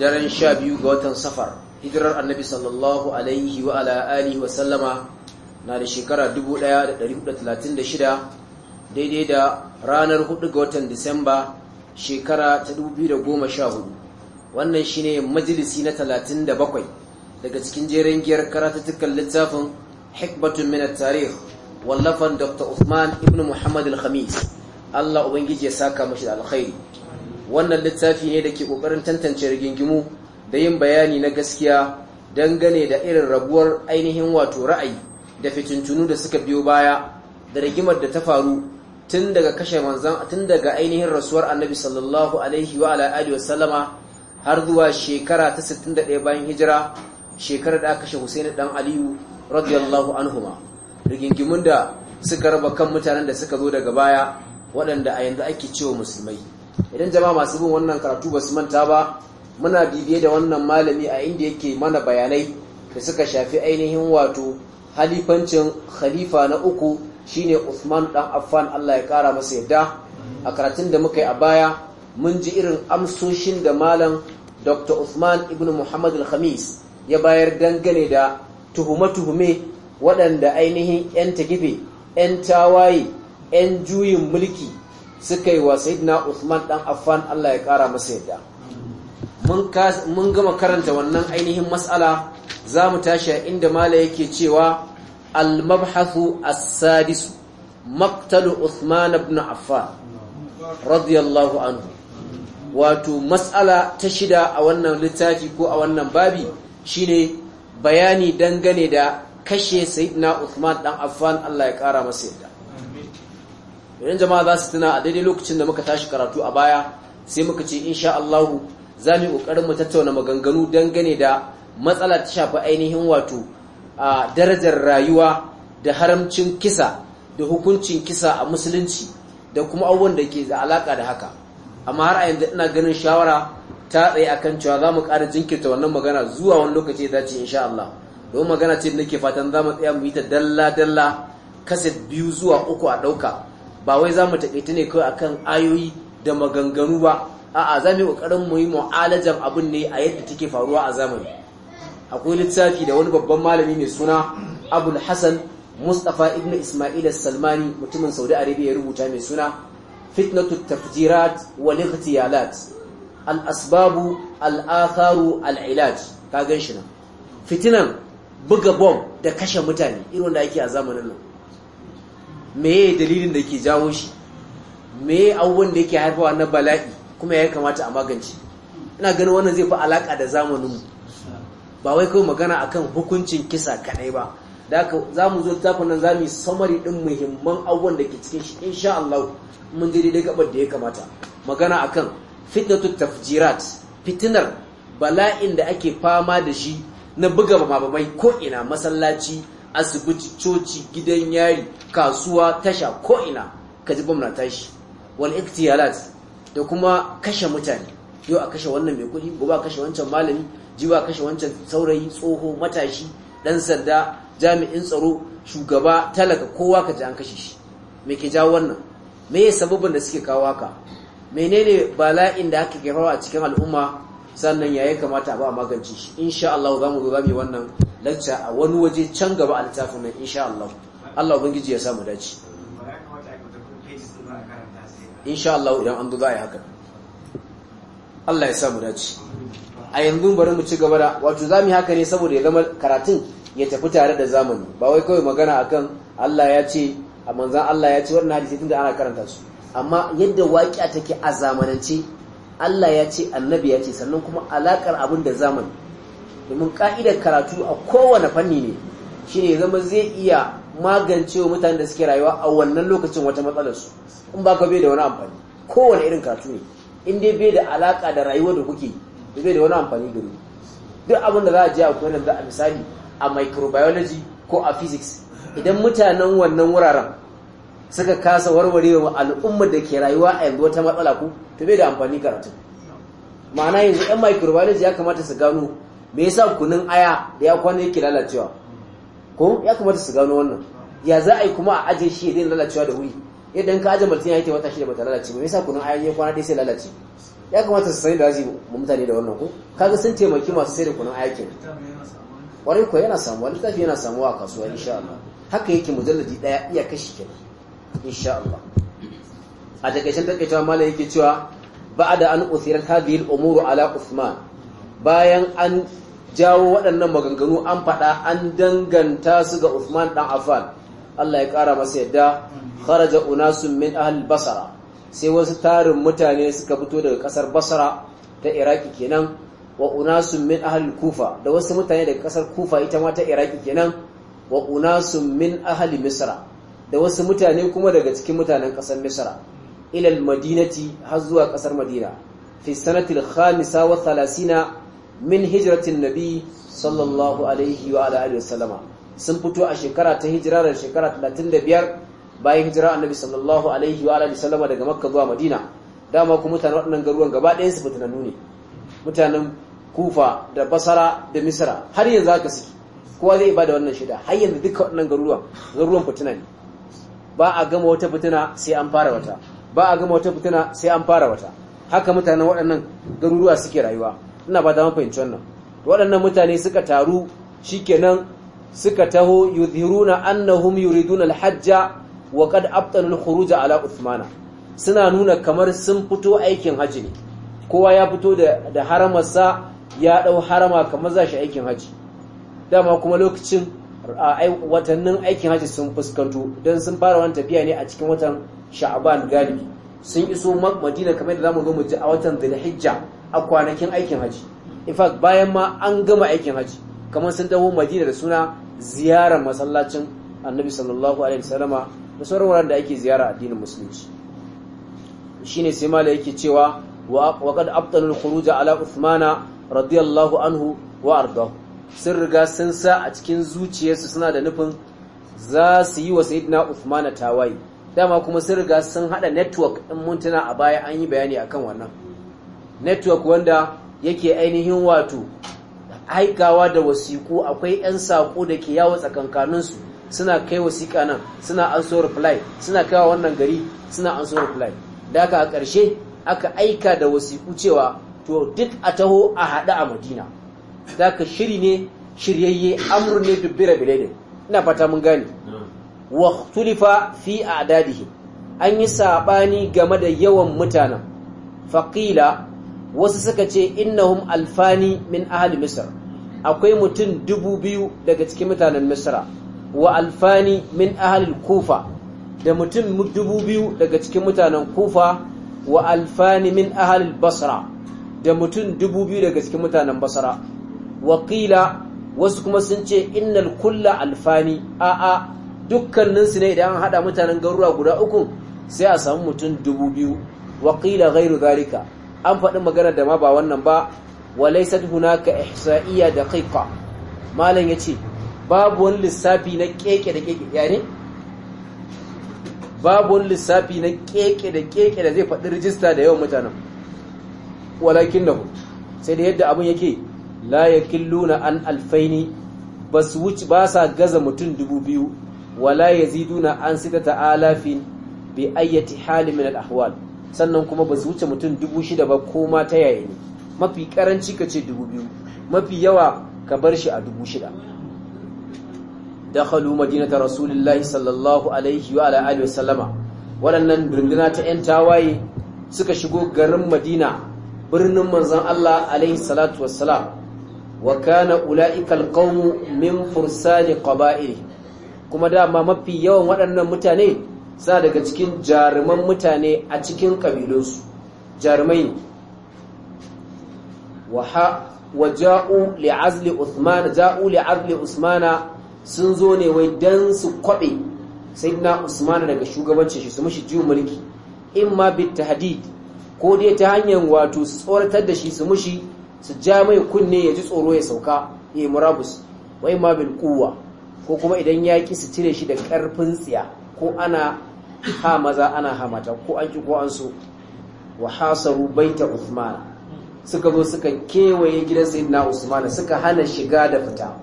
daren sha biyu ga watan safar hijirar annabi sallallahu alaihi wa ala alihi na da shekara 1436 daidai da ranar 4 ga watan disamba shekara ta 2014 wannan shi ne majalisi na 37 daga cikin jerin giyar karatattukan littafin hikbatun minar tarih wallafan dr usman ibn muhammad al-khamis Allah Ubangiji ya saka mashi da alkhairi wannan littafi ne da ke ƙoƙarin tantance rigingimu da yin bayani na gaskiya dangane da irin rabuwar ainihin wato ra'ayi da fitintunu da suka biyo baya da rigimar da ta faru tun daga kashe manzan tun daga ainihin rasuwar annabi sallallahu alaihi wa alihi wasallama har zuwa shekara ta 61 bayan hijira shekarar da aka kashe Husaini dan Aliyu radiyallahu anhuma rigingimun da suka raba kan mutanen da suka zo daga baya waɗanda a yanzu ake cewa musulmai idan jama'a masu bin wannan karatu ba su manta ba muna bibiye da wannan malami a inda yake mana bayanai da suka shafi ainihin wato halifancin khalifa na uku shine Uthman dan Affan Allah ya kara masa yadda a karatun da muka yi a baya mun ji irin amsoshin da malam Dr. Uthman ibn Muhammad al-Khamis ya bayar dangane da tuhume-tuhume waɗanda ainihin 'yan tagife 'yan tawaye 'yan juyin mulki suka yi wa sayyidina Uthman dan Affan Allah ya kara masa yadda mun gama karanta wannan ainihin mas'ala za mu tashi inda mala yake cewa al-mabhathu as-sadis maqtal Uthman ibn Affan radiyallahu anhu wato mas'ala ta shida a wannan littafi ko a wannan babi shine bayani dangane da kashe sayyidina Uthman dan Affan Allah ya kara masa yadda idan jama'a za su tuna a daidai lokacin da muka tashi karatu a baya sai muka ce insha Allahu za mu kokarin mu tattauna maganganu dangane da matsala ta shafi ainihin wato a darajar rayuwa da haramcin kisa da hukuncin kisa a musulunci da kuma abubuwan da ke da alaka da haka amma har a yanzu ina ganin shawara ta tsaye akan cewa za mu ƙara jinkirta wannan magana zuwa wani lokaci da ce insha Allah don magana ce da nake fatan za mu tsaya mu yi ta dalla dalla kaset biyu zuwa uku a ɗauka ba wai za mu taƙaita ne kawai akan ayoyi da maganganu ba a'a za mu yi ƙoƙarin mu yi mu'alajan abin ne a yadda take faruwa a zamani akwai littafi da wani babban malami mai suna abul hasan mustapha ibn ismail salmani mutumin saudi arabia ya rubuta mai suna fitnatu tafjirat wal ikhtiyalat al asbabu al atharu al ilaj ka gan shi nan fitinan buga bom da kashe mutane irin da ake a zamanin nan meye dalilin da ke jawo shi Me abubuwan da yake haifawa na bala'i kuma ya kamata a magance ina ganin wannan zai fi alaƙa da zamaninmu ba wai kawai magana akan hukuncin kisa kadai ba da aka za mu zo tafi nan za mu yi samari ɗin muhimman abubuwan da ke cikin shi sha Allah mun je daidai gabar da ya kamata magana akan fitnatu tafjirat fitinar bala'in da ake fama da shi na buga mababai ko ina masallaci asibiti coci gidan yari kasuwa tasha ko'ina ka ji na tashi wal iktiyalat da kuma kashe mutane yau a kashe wannan mai kuɗi gobe a kashe wancan malami jiwa a kashe wancan saurayi tsoho matashi ɗan sanda jami'in tsaro shugaba talaka kowa ka ji an kashe shi me ke jawo wannan me ya sababin da suke kawo haka menene bala'in da aka gerawa a cikin al'umma sannan yi kamata ba magance shi insha Allah za mu zo zamu wannan lecture a wani waje can gaba a littafin nan insha Allah Allah ubangiji ya sa mu dace insha Allah idan an zo za a yi haka Allah ya sa mu dace a yanzu bari mu ci gaba da wato zamu yi haka ne saboda ya zama karatun ya tafi tare da zamani ba wai kawai magana akan Allah ya ce a manzan Allah ya ce wannan hadisi tunda ana karanta su amma yadda waƙiya take a zamanance Allah ya ce annabi ya ce sannan kuma alakar abin da zamani domin ka'idar karatu a kowane fanni ne shine zama zai iya magancewa mutane da suke rayuwa a wannan lokacin wata matsalarsu. su in ba bai da wani amfani kowane irin karatu ne in dai bai da alaka da rayuwar da kuke da bai da wani amfani gari duk abin da za a je a koyar da misali a microbiology ko a physics idan mutanen wannan wuraren suka kasa warware wa al'ummar da ke rayuwa a yanzu wata matsala ku ta bai da amfani karatu ma'ana yanzu yan microbiology ya kamata su gano me yasa kunun aya da ya kwana yake lalacewa ko ya kamata su gano wannan ya za a yi kuma a ajiye shi yadda lalacewa da wuri yadda ka aje martini yake wata shida bata lalace ba me yasa kunun aya ya kwana dai sai lalace ya kamata su sani da zai mu mutane da wannan ko kaga sun taimaki masu sai da kunun aya ke kwarai ko yana samuwa littafi yana samuwa a kasuwa insha Allah haka yake mujalladi daya iya kashi kenan insha Allah a takaicen takaitawa malam yake cewa ba'da an uthirat hadhihi al-umuru ala Uthman bayan an jawo waɗannan maganganu an faɗa an danganta su ga Uthman dan Affan Allah ya ƙara masa yadda kharaja unasun min ahli basara sai wasu tarin mutane suka fito daga ƙasar basra ta iraki kenan wa unasun min ahli kufa da wasu mutane daga ƙasar kufa ita ma ta iraki kenan wa unasun min ahli misra da wasu mutane kuma daga cikin mutanen ƙasar misra ilal madinati har zuwa ƙasar madina fi sanatil khamisa wa thalathina min hijratin nabi sallallahu alaihi wa alihi wa sun fito a shekara ta hijira da shekara 35 bayan hijira annabi sallallahu alaihi wa alihi wa daga makka zuwa madina dama kuma mutanen waɗannan garuruwan gaba ɗayan su fitinannu ne mutanen kufa da basara da misra har yanzu haka suke kowa zai ba da wannan shida har yanzu duka waɗannan garuruwan garuruwan fitina ne ba a gama wata fitina sai an fara wata ba a gama wata fitina sai an fara wata haka mutanen waɗannan garuruwa suke rayuwa ina ba da mafahimci wannan waɗannan mutane suka taru shi kenan suka taho yudhiruna annahum yuriduna alhajja wa qad abtalu alkhuruja ala uthmana suna nuna kamar sun fito aikin haji ne kowa ya fito da haramarsa ya ɗau harama kamar za shi aikin haji dama kuma lokacin watannin aikin hajji sun fuskanto don sun fara wani tafiya ne a cikin watan sha'aban galibi sun iso madina kamar da zamu zo mu ji a watan dhulhijja a kwanakin aikin hajji in fact bayan ma an gama aikin hajji kamar sun dawo madina da suna ziyarar masallacin annabi sallallahu alaihi wasallama da sauran da ake ziyara addinin musulunci shine sai mala yake cewa wa qad abtalul al ala uthmana radiyallahu anhu wa ardahu sun riga sun sa a cikin zuciyarsu suna da nufin za su yi wa sayidina Uthman tawaye dama kuma sun riga sun hada network din mintuna a baya an yi bayani akan wannan network wanda yake ainihin wato haikawa da wasiku akwai 'yan sako da ke yawo su suna kai wasika nan suna an so reply suna kaiwa wannan gari suna an so reply da aka a ƙarshe aka aika da wasiku cewa to duk a taho a haɗu a madina za ka shiri ne shiryayye amurin ne dubbira bilaidin ina fata mun gane wa tulifa fi adadihi an yi saɓani game da yawan mutanen faƙila wasu suka ce innahum alfani min ahali misir akwai mutum dubu biyu daga cikin mutanen misra wa alfani min ahali kufa da mutum dubu biyu daga cikin mutanen kufa wa alfani min ahali basra da mutum dubu biyu daga cikin mutanen basra waƙila wasu kuma sun ce innal kulla alfani a'a dukkaninsu ne idan an haɗa mutanen garuruwa guda uku sai a samu mutum dubu biyu waƙila gairu zalika an faɗi magana da ma ba wannan ba walaisat hunaka ihsa'iyya daqiqa malam ce babu wani lissafi na keke da keke ne babu wani lissafi na keke da keke da zai faɗi rijista da yawan mutanen walakin nahu sai da yadda abin yake la yakilluna an alfaini su wuce ba sa gaza mutum dubu biyu wala na an ta alafin bi ayyati hali min al'ahwal sannan kuma ba su wuce mutum dubu shida ba ko ma ta yaya ne mafi karanci ka ce dubu biyu mafi yawa ka bar shi a dubu shida dakhalu madinata rasulillahi sallallahu alaihi wa alihi wasallama waɗannan runduna ta 'yan tawaye suka shigo garin madina birnin manzon Allah alaihi salatu wassalam wa kana ula'ika alqawmu min fursani qaba'il kuma dama mafi yawan waɗannan mutane sa daga cikin jaruman mutane a cikin kabilunsu jarumai wa ja'u li'azli Uthman ja'u li'azli Usmana sun zo ne wai dan su kwabe sayyidina usman daga shugabancin shi su mishi jiwo mulki imma bit tahdid ko dai ta hanyar wato tsoratar da shi su mushi su ja mai kunne ya ji tsoro ya sauka ya murabus wai ma bil kuwa ko kuma idan ya ki su cire shi da karfin tsiya ko ana ha maza ana ha mata ko an ki ko an so wa hasaru baita Usman, suka zo suka kewaye gidan Sayyidina Usman suka hana shiga da fita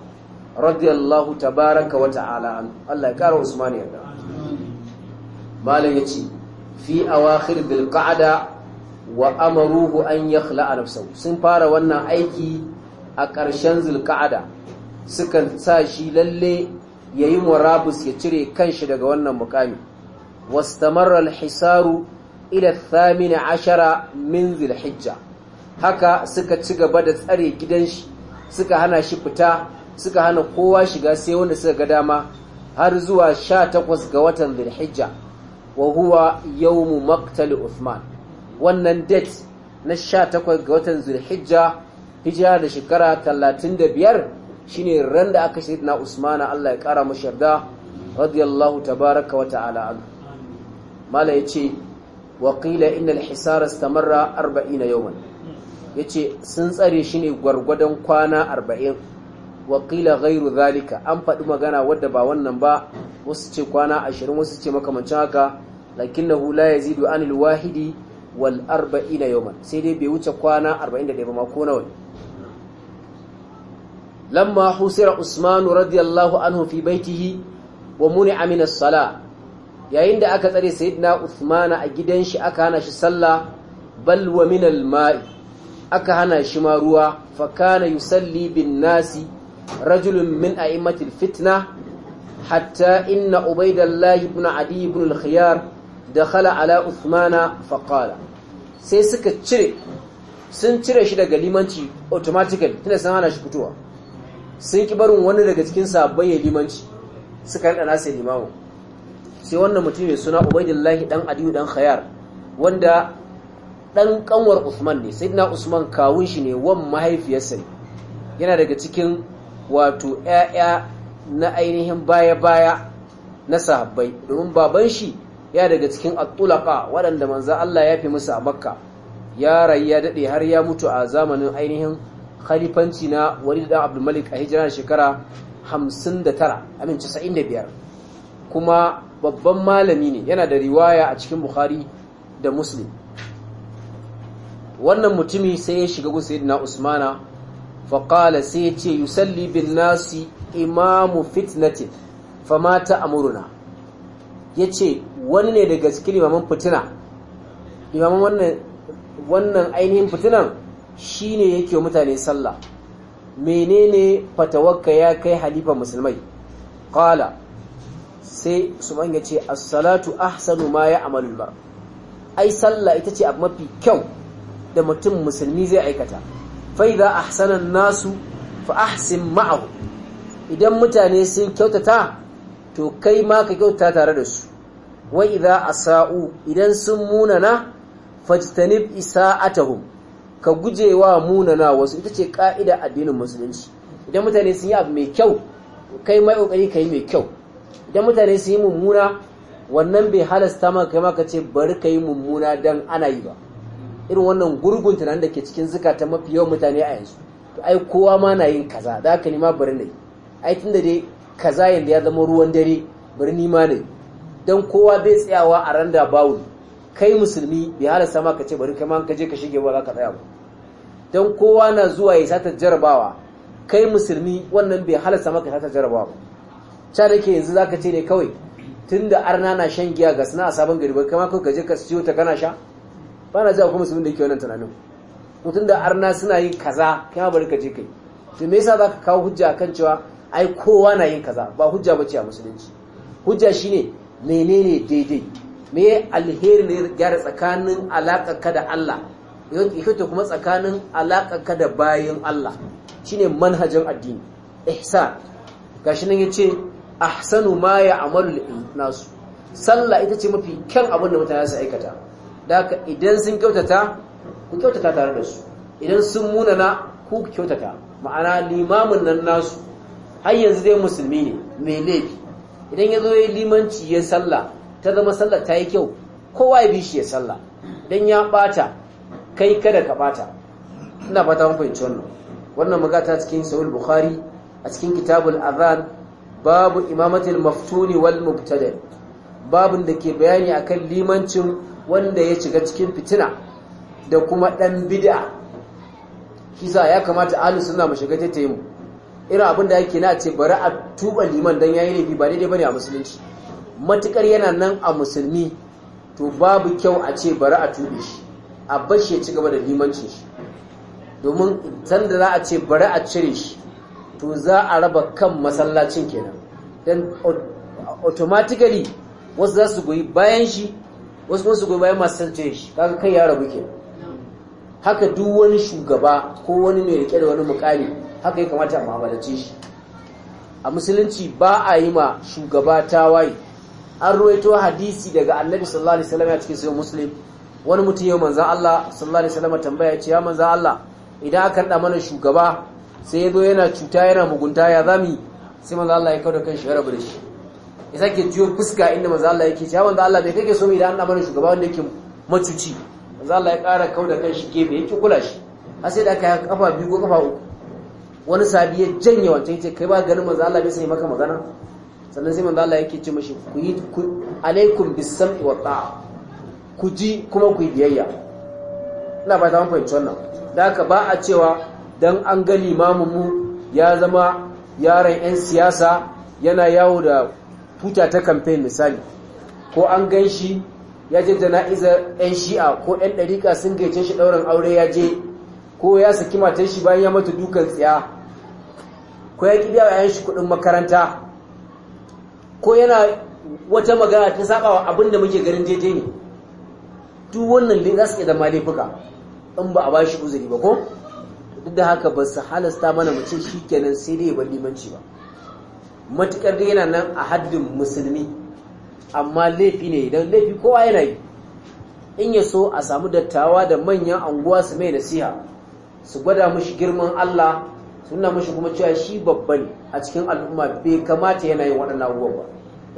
radiyallahu tabaraka wa ta'ala Allah ya kara Usman yarda malam yace fi awakhir bil qa'da wa amaruhu an yakhla'a nafsahu sun fara wannan aiki a ƙarshen zulqa'ada sukan sa shi lalle ya yayi murabus ya cire kanshi daga wannan mukami wastamarra al-hisaru ila thamina ashara min zulhijja haka suka ci gaba da tsare gidan shi suka hana shi fita suka hana kowa shiga sai wanda suka ga dama har zuwa sha takwas ga watan zulhijja wa huwa yawmu maqtal Uthman wannan date na 18 ga watan zulhijja hijira da shekara 35 shine ran da aka shirya na usmana Allah ya kara mashi yarda radiyallahu tabaraka wa ta'ala mala yace wa qila al hisara istamarra 40 yawman yace sun tsare shi ne gwargwadon kwana 40 wa qila ghairu zalika an faɗi magana wadda ba wannan ba wasu ce kwana 20 wasu ce makamancin haka lakinnahu la yazidu anil wahidi wal arba'ina yawman sai dai bai wuce kwana da ba ma ko nawa lamma husira usman radiyallahu anhu fi baitihi wa muni'a min as-sala yayin da aka tsare sayyidina usmana a gidan shi aka hana shi sallah bal wa min al-ma'i aka hana shi ma ruwa fa kana yusalli bin nasi rajulun min a'immatil fitna hatta inna ubaydallahi ibn adi ibn al-khiyar dakhala ala usmana faqala sai suka cire sun cire shi daga limanci automatically tunda sun hana shi fitowa sun ki barin wani daga cikin sabon ya limanci suka rada nasa limamu sai wannan mutum mai suna ubaidillahi dan adiyu dan khayar wanda dan kanwar usman ne sayyidina usman kawun shi ne wan mahaifiyarsa ne yana daga cikin wato ƴaƴa na ainihin baya-baya na sahabbai domin baban shi ya daga cikin at waɗanda manzo Allah ya fi musu a Makka ya rayu ya dade har ya mutu a zamanin ainihin khalifanci na Walid dan Abdul Malik a hijira shekara 59 amin 95 kuma babban malami ne yana da riwaya a cikin Bukhari da Muslim wannan mutumi sai ya shiga gun sayyidina Usmana faƙala sai ya ce yusalli bin nasi imamu fitnatin famata amuruna ya ce wani ne daga cikin limaman fitina limaman wannan wannan ainihin fitinan shine yake wa mutane sallah menene fatawakka ya kai halifa musulmai qala sai su ya ce as-salatu ahsanu ma ya'malu bar ai sallah ita ce abu mafi kyau da mutum musulmi zai aikata fa idza ahsana nasu fa ahsin ma'ahu idan mutane sun kyautata to kai ma ka kyauta tare da su wa idza asa'u idan sun munana fajtanib isa'atuhum ka gujewa munana wasu ita ce ka'ida addinin musulunci idan mutane sun yi abu mai kyau kai mai kokari kai mai kyau idan mutane sun yi mummuna wannan bai halasta maka kai maka ce bari ka mummuna dan ana yi ba irin wannan gurgun tunanin da ke cikin ta mafi yawan mutane a yanzu to ai kowa ma na yin kaza da haka ni ma bari na ai tunda dai kaza yanda ya zama ruwan dare bari ni ma ne. don kowa bai tsayawa a randa bawul kai musulmi bai halasta ma ka ce bari kai ma ka je ka shige ba za ka tsaya ba don kowa na zuwa ya sata jarabawa kai musulmi wannan bai halasta ma ka sata jarabawa ba ca da ke yanzu za ka ce ne kawai tun da arna na shan giya ga suna a sabon gari ba kama kawai ka je ka siyo ta kana sha ba na zuwa kuma musulmi da ke wannan tunanin tun da arna suna yin kaza kai ma bari ka je kai to me yasa za ka kawo hujja kan cewa ai kowa na yin kaza ba hujja ba ce a musulunci hujja shine menene daidai me alheri ne gyara tsakanin alaƙarka da Allah yake kuma tsakanin alaƙarka da bayan Allah shine manhajin addini ihsan gashi nan yace ahsanu ma ya'malu nasu sallah ita ce mafi kyan abin da mutane su aikata daga idan sun kyautata ku kyautata tare da su idan sun munana ku kyautata ma'ana limamin nan nasu har yanzu dai musulmi ne mai laifi idan ya zo ya limanci ya sallah ta zama sallah ta yi kyau kowa ya bi shi ya sallah idan ya bata kai kada ka bata ina fata mun fahimci wannan wannan magata cikin sa'ul bukhari a cikin kitabul azan babu imamatul maftuni wal mubtada babun da ke bayani akan limancin wanda ya shiga cikin fitina da kuma dan bid'a kisa ya kamata ahlus sunna mu shiga ta mu irin abin da yake na ce bari a tuba liman dan yayi laifi ba daidai ne a musulunci matukar yana nan a musulmi to babu kyau a ce bari a tube shi a bashi ya ci gaba da limancin shi domin da za a ce bari a cire shi to za a raba kan masallacin kenan dan automatically wasu za su goyi bayan shi wasu kuma su goyi bayan masu san cire shi kaga kai ya rabu kenan haka duk wani shugaba ko wani mai rike da wani mukami haka ya kamata a mu'amalance shi a musulunci ba a yi ma shugaba tawaye an roito hadisi daga annabi sallallahu alaihi wasallam a cikin sahih muslim wani mutum ya manzan Allah sallallahu alaihi wasallam tambaya ya ce ya manzan Allah idan aka da mana shugaba sai yazo yana cuta yana mugunta ya zami sai manzan Allah ya kauda kan shi rabu da shi ya sake jiyo fuska inda manzan Allah yake ya manzan Allah bai kake so mu idan an da mana shugaba wanda yake macuci manzan Allah ya ƙara kauda kan shi gefe yake kula shi har sai da aka kafa biyu ko kafa uku wani sabi ya janye wancan ce kai ba ganin manzo Allah bai sai maka magana sannan sai manzo Allah yake ce mashi ku yi alaikum bis wa ku ji kuma ku yi biyayya ina ba ta mun da haka ba a cewa dan an ga limamin mu ya zama yaron yan siyasa yana yawo da futa ta campaign misali ko an gan shi ya je jana'izar 'yan shi'a ko 'yan ɗarika sun gaice shi ɗaurin aure ya je ko ya saki matar shi bayan ya mata dukan tsiya ko ya ƙi biya yayin shi kuɗin makaranta ko yana wata magana ta saba wa abin da muke garin daidai ne duk wannan da za su iya zama in ba a ba shi uzuri ba ko duk da haka ba su halasta mana mace shi kenan sai dai ban limanci ba matuƙar dai yana nan a haddin musulmi amma laifi ne idan laifi kowa yana yi in ya so a samu dattawa da manyan anguwa su mai nasiha su gwada mushi girman Allah suna mashi kuma cewa shi babban a cikin al'umma bai kamata yana yin waɗannan abubuwa ba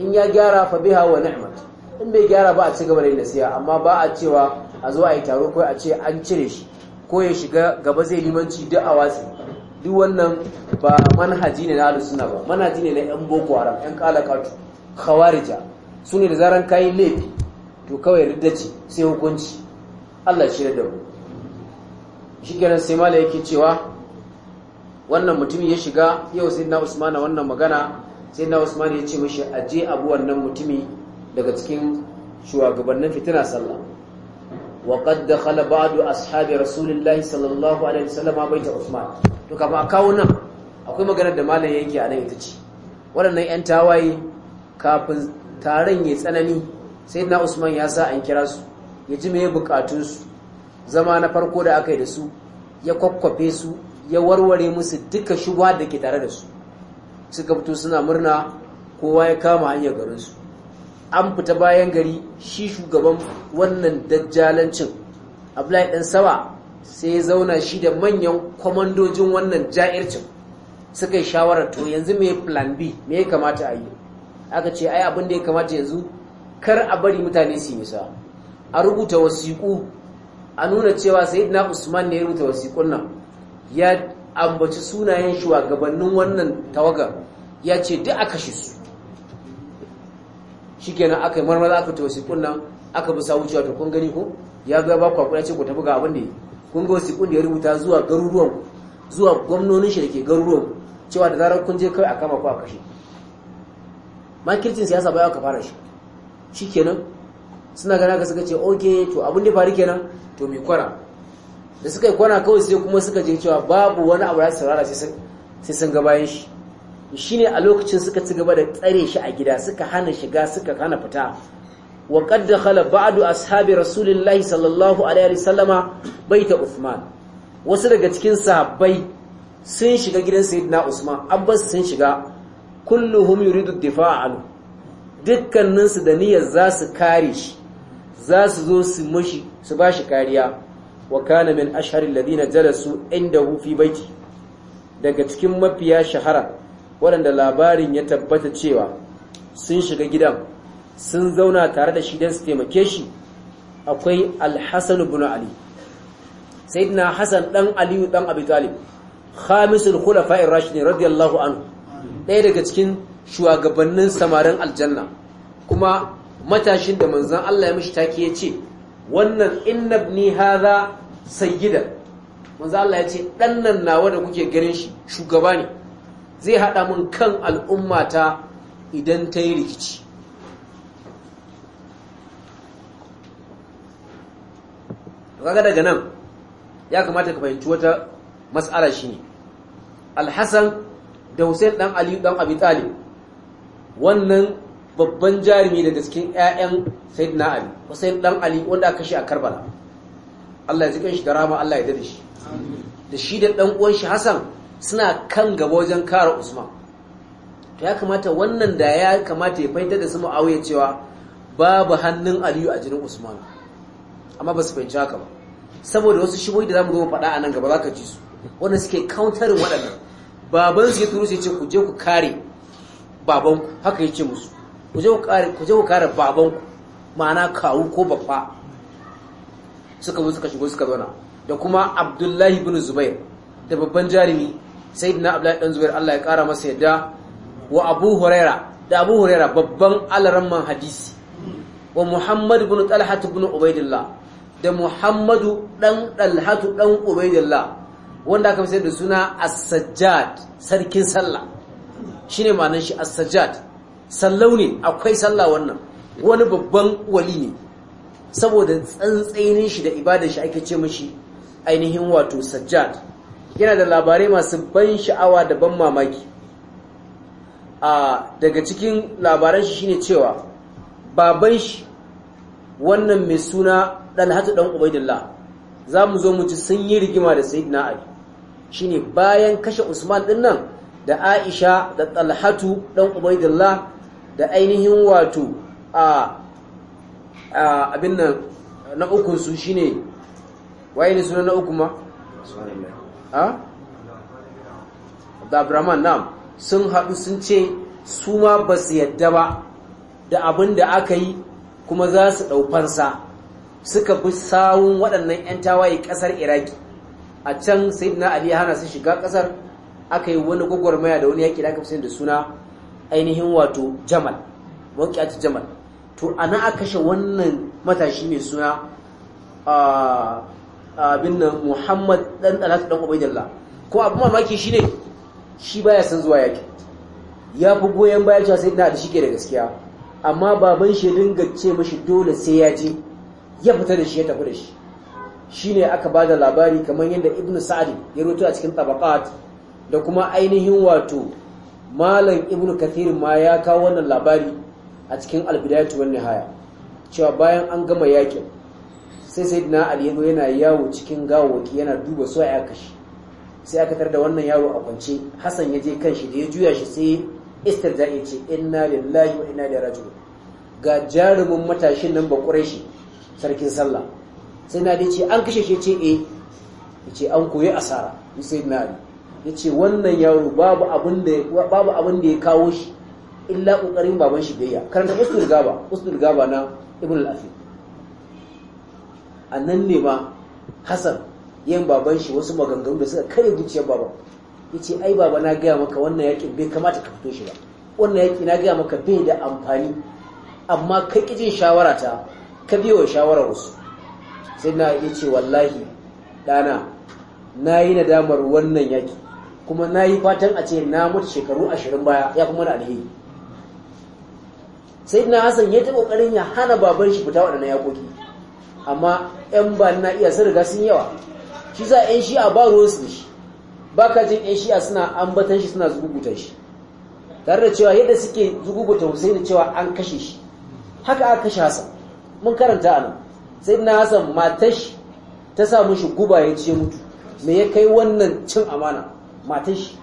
in ya gyara fa biha wa ni'mat in bai gyara ba a ci gaba da nasiha amma ba a cewa a zo a yi taro ko a ce an cire shi ko ya shiga gaba zai limanci duk a watsi duk wannan ba manhaji ne na ahlus ba manhaji ne na yan boko haram yan kalakatu khawarija su ne da zaran kayi laifi to kawai ridda sai hukunci Allah shi da mu shi kenan sai mala yake cewa wannan mutumin ya shiga yau sai na usmana wannan magana sai na usmana ya ce mashi aje abu wannan mutumi daga cikin shugabannin fitina sallah wa qad dakhala ba'du ashabi rasulillahi sallallahu alaihi wasallam baita usman to kafin a kawo nan akwai maganar da malam yake a nan ita ce waɗannan yan tawaye kafin taron ya tsanani sai na usman ya sa an kira su ya ji me bukatunsu zama na farko da aka yi da su ya kwakwafe su ya warware musu duka shubha da ke tare da su suka fito suna murna kowa ya kama hanyar garinsu an fita bayan gari shi shugaban wannan dajjalancin abdullahi ɗan sawa sai ya zauna shi da manyan kwamandojin wannan ja'ircin suka yi shawarar to yanzu mai plan B mai ya kamata a yi aka ce ai abin da ya kamata yanzu kar a bari mutane su yi a rubuta wasiƙu a nuna cewa na Usman ne ya rubuta wasiƙun nan ya ambaci sunayen shugabannin wannan tawaga ya ce duk aka shi su shi kenan aka yi marmara aka ta wasiƙun nan aka bi sawu cewa kun gani ku ya zuwa ba ku ya ce ku tafi ga abin da kun ga wasiƙun da ya rubuta zuwa garuruwan zuwa gwamnonin shi da ke garuruwan cewa da zarar kun je kai a kama ku a kashe makircin siyasa bayan ka fara shi shi kenan suna gana ka suka ce ok to abin da faru kenan to mai kwara da suka yi kwana kawai sai kuma suka je cewa babu wani abu da saurara sai sun ga bayan shi ne a lokacin suka ci gaba da tsare shi a gida suka hana shiga suka hana fita wa qad dakhala ba'du ashabi rasulillahi sallallahu alaihi bai baita usman wasu daga cikin sahabbai sun shiga gidan sayyidina usman abbas sun shiga kulluhum yuridu difa'a anhu dukkaninsu da niyyar za su kare shi za su zo su mushi su ba shi kariya wa kana min ashhar alladhina jalasu indahu fi baiti daga cikin mafiya shahara waɗanda labarin ya tabbata cewa sun shiga gidan sun zauna tare da shi don su taimake shi akwai alhassan ibn ali sayyidina Hassan ɗan aliyu ɗan abi talib khamisul khulafa'ir rashidin radiyallahu anhu ɗaya daga cikin shugabannin samarin aljanna kuma matashin da manzon Allah ya mishi take yace wannan inna ibni hadha sayyidan manzo Allah ya ce ɗannan nan nawa da kuke ganin shi shugaba ne zai haɗa mun kan al'ummata idan ta yi rikici kaga daga nan ya kamata ka fahimci wata mas'ala shine al-Hasan da Hussein dan Ali dan Abi Talib wannan babban jarumi daga cikin 'ya'yan sayyidina ali husayn dan ali wanda aka kashe a karbala Allah ya zikin shi da rama Allah ya dade shi da shi da dan uwan shi hasan suna kan gaba wajen kare usman to ya kamata wannan da ya kamata ya fahimta da su muawiya cewa babu hannun aliyu a jinin usman amma ba su fahimci haka ba saboda wasu shigoyi da zamu zo faɗa a nan gaba za ka ji su wanda suke counterin waɗannan baban su ya turo sai ce ku je ku kare babanku haka ya ce musu ku je ku kare babanku ma'ana kawu ko babba suka zo suka shigo suka zauna da kuma abdullahi bin zubair da babban jarumi sai na abdullahi dan zubair allah ya kara masa yadda wa abu huraira da abu huraira babban alaramman hadisi wa muhammad bin talhatu bin ubaidillah da muhammadu dan talhatu dan ubaidillah wanda aka fi da suna as-sajjad sarkin sallah shine ma'anar shi as-sajjad sallau ne akwai sallah wannan wani babban wali ne saboda tsantsainin shi da ibadar shi ake ce mashi ainihin wato sajjad yana da labarai masu ban sha'awa da ban mamaki a daga cikin labaran shi shine cewa baban shi wannan mai suna dalhatu dan ubaidillah za mu zo mu ci sun yi rigima da sayyidina ali shine bayan kashe usman din da aisha da dalhatu dan ubaidillah da ainihin wato a abin nan na ukun su shine waye ne suna na uku ma a dabraman nam sun haɗu sun ce su ma ba su yadda ba da abin da aka yi kuma za su ɗaufansa suka bi sawun waɗannan 'yan tawaye ƙasar iraki a can sai na ali hana su shiga ƙasar aka yi wani gwagwarmaya da wani yaƙi da aka fi da suna ainihin wato jamal waqi'at jamal to ana a kashe wannan matashi mai suna abin nan Muhammad dan Dalatu dan Ubaydillah ko abin mamaki shine shi baya san zuwa yaki ya fi goyen baya cewa sai da shi ke da gaskiya amma baban shi dinga ce mashi dole sai ya je ya fita da shi ya tafi da shi shine aka ba da labari kamar yadda Ibn sa'adi ya roto a cikin tabaqat da kuma ainihin wato malam Ibn kathir ma ya kawo wannan labari a cikin albidayatu wan nihaya cewa bayan an gama yakin sai sayyidina ali yazo yana yawo cikin gawawaki yana duba so ya kashi sai aka tar da wannan yawo a kwance hasan ya je kanshi da ya juya shi sai istirja ya ce inna lillahi wa inna ilaihi raji'un ga jarumin matashin nan ba quraishi sarkin sallah sai na dace an kashe shi ce eh ce an koyi asara sai na ali ya ce wannan yaro babu abin da ya kawo shi illa ƙoƙarin baban shi biyayya karanta ustul gaba ustul gaba na ibn al-afir a nan ne ma Hassan, yin baban shi wasu maganganu da suka kare zuciyar baban ya ce ai baba na gaya maka wannan yaƙin bai kamata ka fito shi ba wannan yaƙi na gaya maka bai da amfani amma kai ƙi jin shawara ta ka biyo wa shawarar wasu sai na ya ce wallahi ɗana na yi nadamar wannan yaƙi kuma na yi fatan a ce na mutu shekaru ashirin baya ya kuma da alheri sai na hassan ya ta kokarin ya hana baban shi fita waɗannan yakoki amma yan ba na iya sun riga sun yawa shi za yan shi'a ba ruwan su shi ba ka jin yan shi'a suna ambatan shi suna zugugutan shi tare da cewa yadda suke sai da cewa an kashe shi haka aka kashe hassan mun karanta anan sai na hassan matar shi ta sa shi guba ya ce mutu me ya kai wannan cin amana matan shi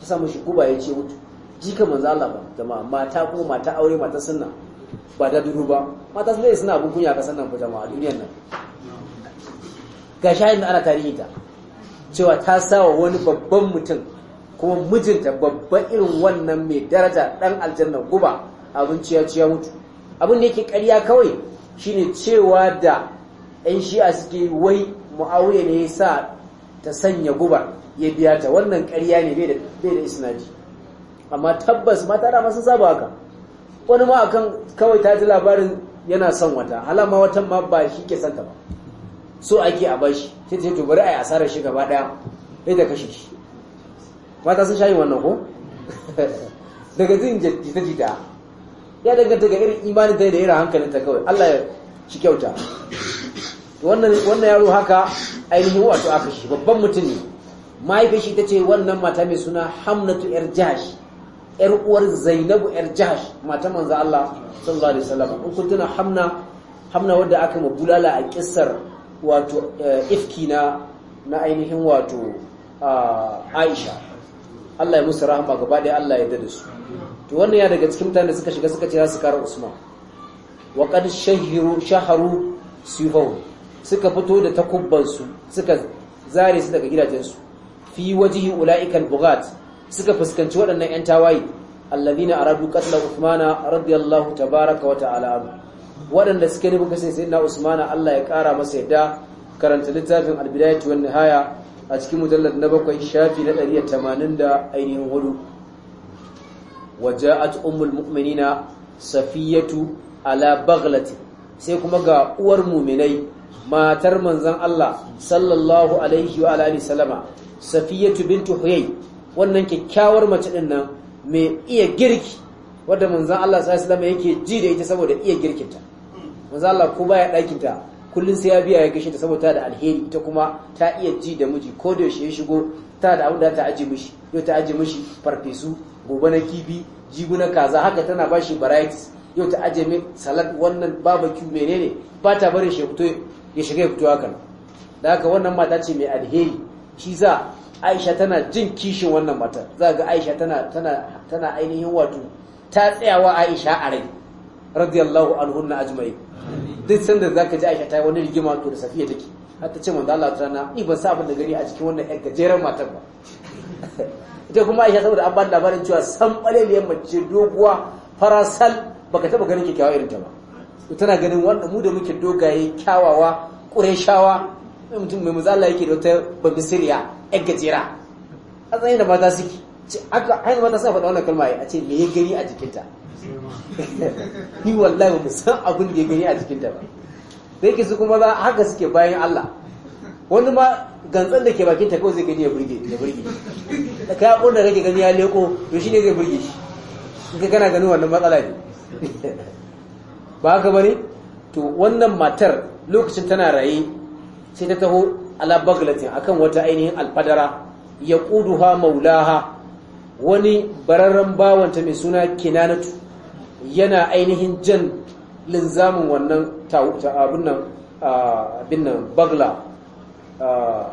ta samu shi guba ya ce mutu jika manzo Allah ba jama'a mata ko mata aure mata sunna ba ta duru ba mata sunna suna abun kunya kasan nan fa a duniyar nan ga da ana tarihi ta cewa ta sawa wani babban mutum kuma mijinta babban irin wannan mai daraja dan aljanna guba abin ciya ciya mutu abin da yake karya kawai shine cewa da 'yan shi'a suke wai mu'awiya ne ya sa ta sanya guba ya biya ta wannan ƙarya ne bai da isnadi amma tabbas mata da masu saba haka wani ma akan kawai ta ji labarin yana son wata halama watan ma ba shi ke santa ba so ake a bashi sai ta to bari a yi asarar shi gaba ɗaya sai ta kashe shi mata sun shayi wannan ko daga jin jita-jita ya daga daga irin imanin ta da irin ta kawai Allah ya shi kyauta wannan yaro haka ainihin wato aka shi babban mutum ne mahaifiyar shi ta ce wannan mata mai suna hamnatu yar jahash yar uwar zainabu yar mata manzo Allah sallallahu alaihi wasallam in kun tuna hamna hamna wadda aka ma bulala a kissar wato eh, ifki na na ainihin wato ah, Aisha Allah ya musu rahama gaba da Allah ya dade su to wannan ya daga cikin mutanen da suka shiga suka ce za su kara Usman wa qad shahiru shaharu sifahu suka fito da takubbansu suka zare su daga gidajensu fi wajihi ula'ikal bugat suka fuskanci waɗannan 'yan tawaye alladhina aradu qatla usmana radiyallahu tabaaraka wa ta'ala waɗanda suke nufi kashe sayyidina usmana Allah ya ƙara masa yadda karanta littafin albidayatu wan nihaya a cikin mujallad na bakwai shafi na 180 da ainihin hudu waja'at ummul mu'minina safiyatu ala baghlati sai kuma ga uwar mu'minai matar manzan Allah sallallahu alaihi wa alihi salama safiyatu bintu huyay wannan kyakkyawar mace din nan mai iya girki wadda manzan Allah sallallahu alaihi yake ji da ita saboda iya girkinta manzan Allah ko baya ɗakinta, ta kullun sai ya biya ya gaishe ta saboda da alheri ita kuma ta iya ji da miji ko da yaushe ya shigo ta da abin da ta aje mishi yau ta aje mishi farfesu gobe na kibi jigu na kaza haka tana bashi varieties yau ta aje mai salad wannan barbecue menene ba ta barin shi fito ya shiga fito haka da haka wannan mata ce mai alheri shi za aisha tana jin kishin wannan mata za ga aisha tana tana ainihin wato ta tsayawa aisha a rai radiyallahu anhunna ajma'in duk sanda zaka ji aisha ta yi wani rigima to da safiya take har ta ce manzo Allah ta rana ni ban sa da gani a cikin wannan yar gajeren matar ba ita kuma aisha saboda an ba labarin cewa san baleliyar mace doguwa farasal baka taba ganin kyakkyawa irin ta ba to tana ganin wanda mu da muke dogaye kyawawa ƙureshawa mutum mai matsala yake da wata bambisiriya yan gajera a tsayin da mata suke aka hain mata suna faɗa wannan kalma a ce me ya gani a jikinta ni wallahi ba san abin da ya gani a jikinta ba da yake su kuma haka suke bayan Allah wani ma gantsan da ke bakin ta kawai zai gani ya burge ya burge da kaya yaƙon da rage gani ya leko to shi ne zai burge shi kana ganin wannan matsala ne ba haka bane to wannan matar lokacin tana raye sai ta taho ala baglatin kan wata ainihin alfadara ya quduha maulaha wani bararren bawanta mai suna kinanatu yana ainihin jan linzamin wannan abin binnan abin nan bagla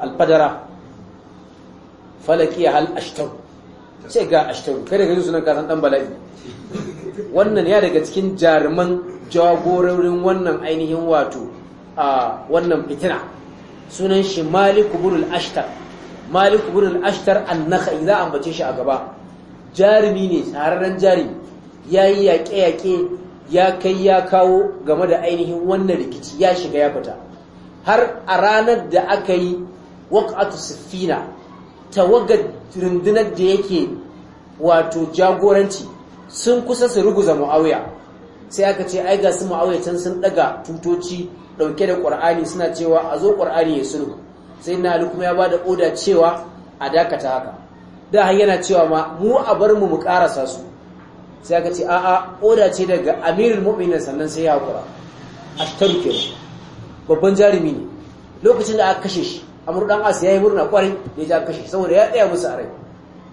alfadara falaki hal ashtau sai ga ashtau kai ga yi sunan kasan dan bala'i wannan ya daga cikin jaruman jagororin wannan ainihin wato a wannan fitina sunan shi maliku burul ashtar maliku burul ashtar an za za ambace shi a gaba jarumi ne tsararren jarumi ya yi yaƙe-yaƙe ya kai ya kawo game da ainihin wannan rikici ya shiga ya fita har a ranar da aka yi waƙatu siffina tawagar rundunar da yake wato jagoranci sun kusa su ruguza muawiya sai aka ce ai ga su muawiya sun daga tutoci dauke da qur'ani suna cewa a zo qur'ani ya sulhu sai na ali kuma ya bada oda cewa a dakata haka da har yana cewa ma mu a bar mu mu karasa su sai aka ce a'a oda ce daga amirul mu'minin sannan sai ya hakura at-tarkir babban jarumi ne lokacin da aka kashe shi amur dan as yayi murna kwarai da ya kashe saboda ya tsaya musu a rai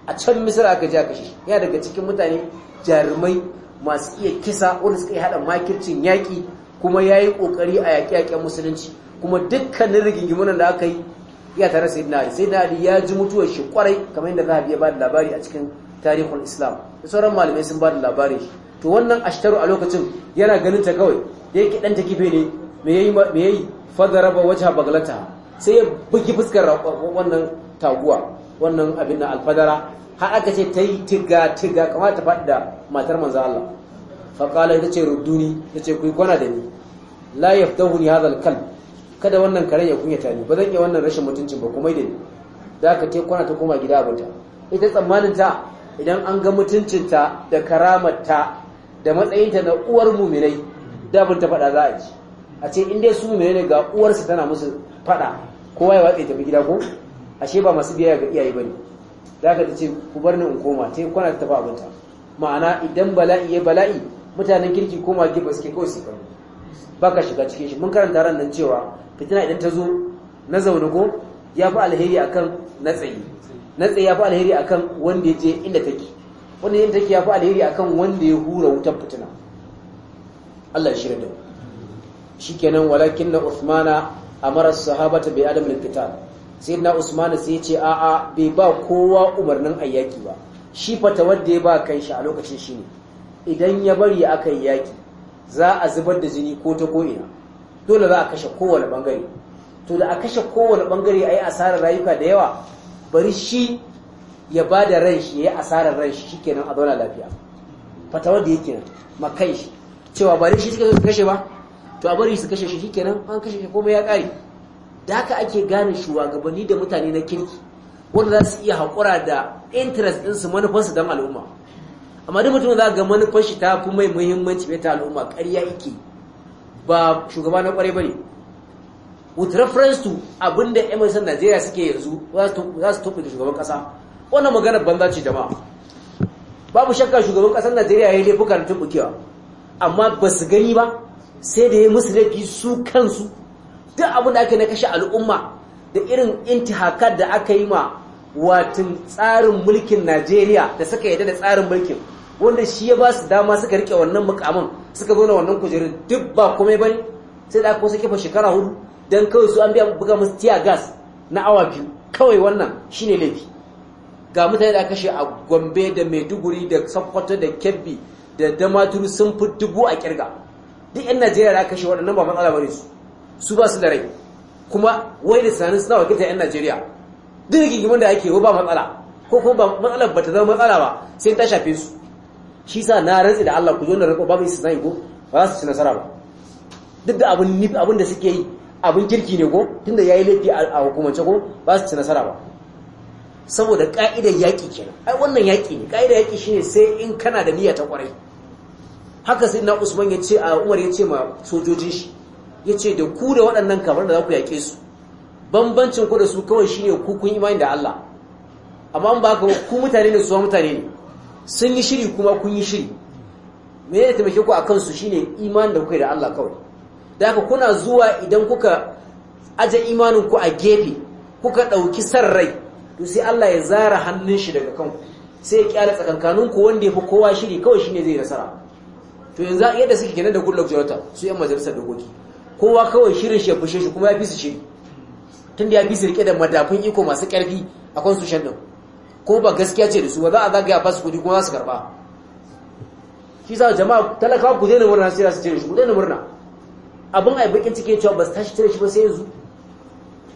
a can misira aka ja kashe ya daga cikin mutane jarumai masu iya kisa wanda suka yi haɗa makircin yaƙi kuma ya yi ƙoƙari a yaƙe-yaƙen musulunci kuma dukkanin rigingimunan da aka yi ya tare sai na sai na ya ji mutuwar shi kwarai kamar yadda zahabi ya ba da labari a cikin tarihul islam da sauran malamai sun ba da labari to wannan ashtaru a lokacin yana ganin ta kawai yake ta kife ne me ya yi yayi fadaraba wajen baglata sai ya bugi fuskar wannan taguwa wannan abin na alfadara har aka ce ta yi tiga tiga kamar ta faɗi da matar manzan Allah faƙala ita ce ruduni ta ce kuyi kwana da ni layaf ta huni hadha kan kada wannan karen ya kunya ta ne ba zan iya wannan rashin mutuncin ba kuma da ni da ka ce kwana ta koma gida abinta ita tsammanin ta idan an ga ta da karamarta da matsayinta na uwar muminai da abin ta faɗa za a ji a ce in dai su muminai ne ga uwarsa tana musu faɗa kowa ya watsa tafi gida ko ashe ba masu biyayya ga iyaye bane da aka ce ku bar ni in koma ta yi kwana ta ba abinta ma'ana idan bala'i ya bala'i mutanen kirki koma gefe suke kawai su ba ka shiga cikin shi mun karanta ran nan cewa fitina idan ta zo na zaune ko ya fi alheri akan na tsaye na tsaye ya fi alheri akan wanda ya je inda take wanda yin take ya fi alheri akan wanda ya hura wutar fitina Allah ya shirya da shikenan walakin na Uthmana amara sahabata bai adam lil kitab sai na usmanu sai ce a'a bai ba kowa umarnin ayyaki ba shi fata wanda ya ba kanshi a lokacin shi ne idan ya bari aka yi yaki za a zubar da jini ko ta ko'ina dole za a kashe kowane bangare to da a kashe kowane bangare a yi asarar rayuka da yawa bari shi ya ba da ran shi ya yi asarar ran shi shi kenan a zauna lafiya fata wadda ya kenan nan kai shi cewa bari shi suka kashe ba to a bari su kashe shi shi kenan an kashe shi komai ya kare. da haka ake gane shugabanni da mutane na kirki wanda za su iya haƙura da interest ɗinsu manufarsu don al'umma amma duk mutum za ga manufar shi ta kuma mai muhimmanci mai ta al'umma ƙarya yake ba shugaba na ƙwarai bane with reference to abinda ƴan majalisar Najeriya suke yanzu za su tofe da shugaban ƙasa wannan maganar banza ce jama'a babu shakka shugaban ƙasar Najeriya ya yi laifuka da tumbukewa amma ba su gani ba sai da ya musu laifi su kansu duk abin da aka na kashe al'umma da irin intihakar da aka yi ma watan tsarin mulkin Najeriya da suka yadda da tsarin mulkin wanda shi ya ba su dama suka rike wannan mukamin suka zo na wannan kujerun duk ba komai ne sai da aka kusa shekara hudu Don kawai su an biya buga musu tiya gas na awa biyu kawai wannan shi ne laifi ga mutane da kashe a Gombe da Maiduguri da Sokoto da Kebbi da Damaturu sun fi dubu a kirga duk 'yan Najeriya da kashe waɗannan ba matsala bane su su ba su da rai kuma wai da tunanin suna wakilta 'yan najeriya duk da gigimin da ake ba matsala ko kuma matsalar ba ta zama matsala ba sai ta shafe su shi sa na rantsi da allah ku zo na riko ba mai yi ko ba za su ci nasara ba duk da abin da suke yi abin kirki ne ko tunda ya yi laifi a hukumance ko ba su ci nasara ba saboda ka'idar yaƙi kenan ai wannan yaƙi ne ka'idar yaƙi shine sai in kana da niyya ta ƙwarai haka sai na usman ya ce a umar ya ce ma sojojin shi ya ce da ku da waɗannan kamar da za ku yaƙe su bambancin ku da su kawai shine ku kun imani da Allah amma ba ka ku mutane ne su wa mutane ne sun yi shiri kuma kun yi shiri me ne taimake ku kansu shi shine imani da kuka da Allah kawai da haka kuna zuwa idan kuka aje imanin ku a gefe kuka ɗauki san rai to sai Allah ya zara hannun shi daga kanku sai ya kyale tsakankanin ku wanda fi kowa shiri kawai shine zai nasara to yanzu yadda suke kenan da kullum Jonathan su yan majalisar dokoki kowa kawai shirin shi ya fushe shi kuma ya fi su tun da ya fi su rike da madafun iko masu karfi a constitution din ko ba gaskiya ce da su ba za a zagaya ba su kudi kuma za su karba shi sa jama'a talakawa ku na murna sai su cire shi ku na murna abin yi bakin cike cewa ba su tashi cire shi ba sai yanzu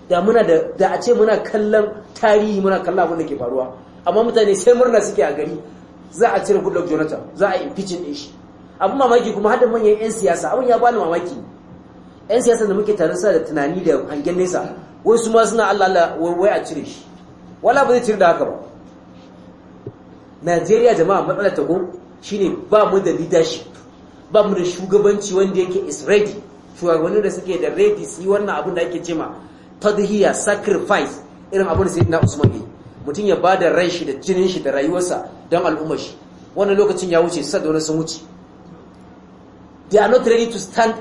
da muna da a ce muna kallon tarihi muna kallon abin da ke faruwa amma mutane sai murna suke a gari za a cire goodluck jonathan za a impeaching din shi abin mamaki kuma hadin manyan 'yan siyasa abin ya bani mamaki yan siyasa da muke tare da tunani da hangen nesa wai su ma suna Allah Allah wai a cire shi wala ba zai cire da haka ba Najeriya jama'a matsalar ta shi shine ba mu da leadership ba mu da shugabanci wanda yake is ready shugabanni da suke da ready su yi wannan abin da ake cema tadhiya sacrifice irin abin da na Usman yi mutum ya ba da ran shi da jinin shi da rayuwarsa don al'ummar shi wannan lokacin ya wuce wani sun wuce they are not ready to stand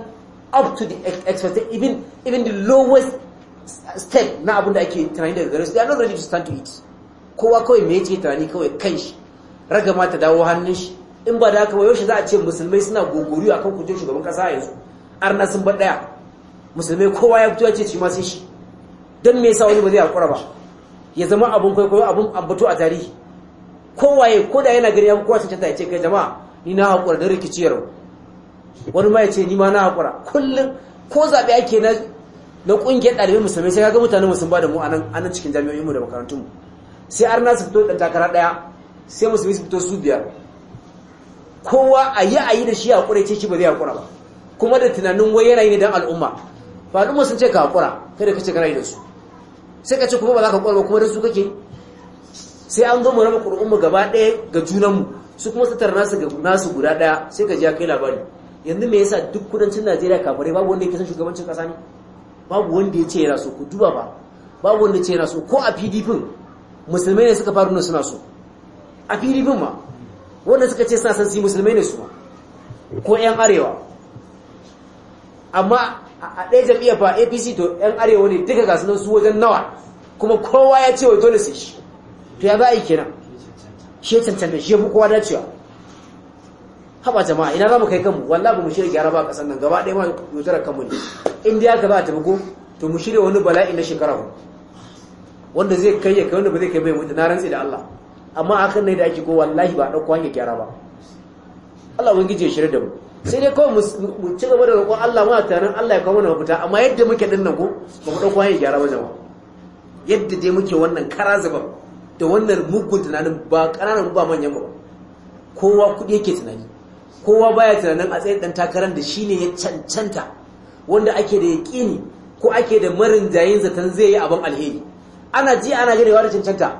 up to the expectation even even the lowest step na abin da ake tunani daga gare su they are not ready to stand to it kowa kawai me ce tunani kawai shi. ragama ta dawo hannun shi in ba da kawai yaushe za a ce musulmai suna gogori akan kujin shugaban kasa yanzu arna sun ba daya musulmai kowa ya fito ya ce shi ma sai shi don me yasa wani ba zai hakura ba ya zama abun kwaikwayo abun ambato a tarihi kowaye ko da yana gani ya kowa cancanta ya ce kai jama'a ni na hakura don rikici yaro wani ma ya ce ni ma na haƙura kullum ko zaɓe ake na ƙungiyar ɗalibai musulmai sai ga mutane musulmi ba da mu a nan cikin jami'o'inmu da makarantunmu sai har na su fito ɗan takara ɗaya sai musulmi su fito su biyar kowa a yi a yi da shi haƙura ce shi ba zai haƙura ba kuma da tunanin wai yanayi ne don al'umma ba al'umma sun ce ka haƙura kai da kace ka yi da su sai ka ce kuma ba za ka haƙura ba kuma da su kake sai an zo mu raba ƙur'unmu gaba ɗaya ga junanmu su kuma su tara nasu guda ɗaya sai ka ji ya kai labari yanzu me yasa duk kudancin Najeriya kafirai babu wanda yake son shugabancin kasa ne babu wanda ya ce yana so ku duba ba babu wanda ya ce yana so ko a PDP musulmai ne suka faru suna so a PDP ma wanda suka ce suna son su musulmai ne su ma ko yan arewa amma a ɗaya jam'iyyar ba APC to yan arewa ne duka ga sunan su wajen nawa kuma kowa ya ce wa dole su shi to ya za a yi kenan shi ya cancanta shi ya fi kowa dacewa haba jama'a ina zamu kai kanmu wallahi ba mu shirya gyara ba a nan gaba ɗaya ma yaudarar kanmu ne in dai aka ba ta tafi to mu shirya wani bala'i na shekara ko wanda zai kai ya kai wanda ba zai kai bai mu na rantsi da Allah amma akan ne da ake ko wallahi ba dauko hanyar gyara ba Allah ubangiji ya shirya da mu sai dai kawai mu ci gaba da roƙon Allah ta tunanin Allah ya kawo mana mafita amma yadda muke din nan ko ba mu dauko hanyar gyara ba jama'a yadda dai muke wannan kara zuba da wannan mugun tunanin ba ƙananan ba manyan ba kowa kudi yake tunani kowa baya tunanin a tsayin dan takarar da shine ya cancanta wanda ake da yaqini ko ake da marin jayin zaton zai yi abin alheri ana ji ana wa da cancanta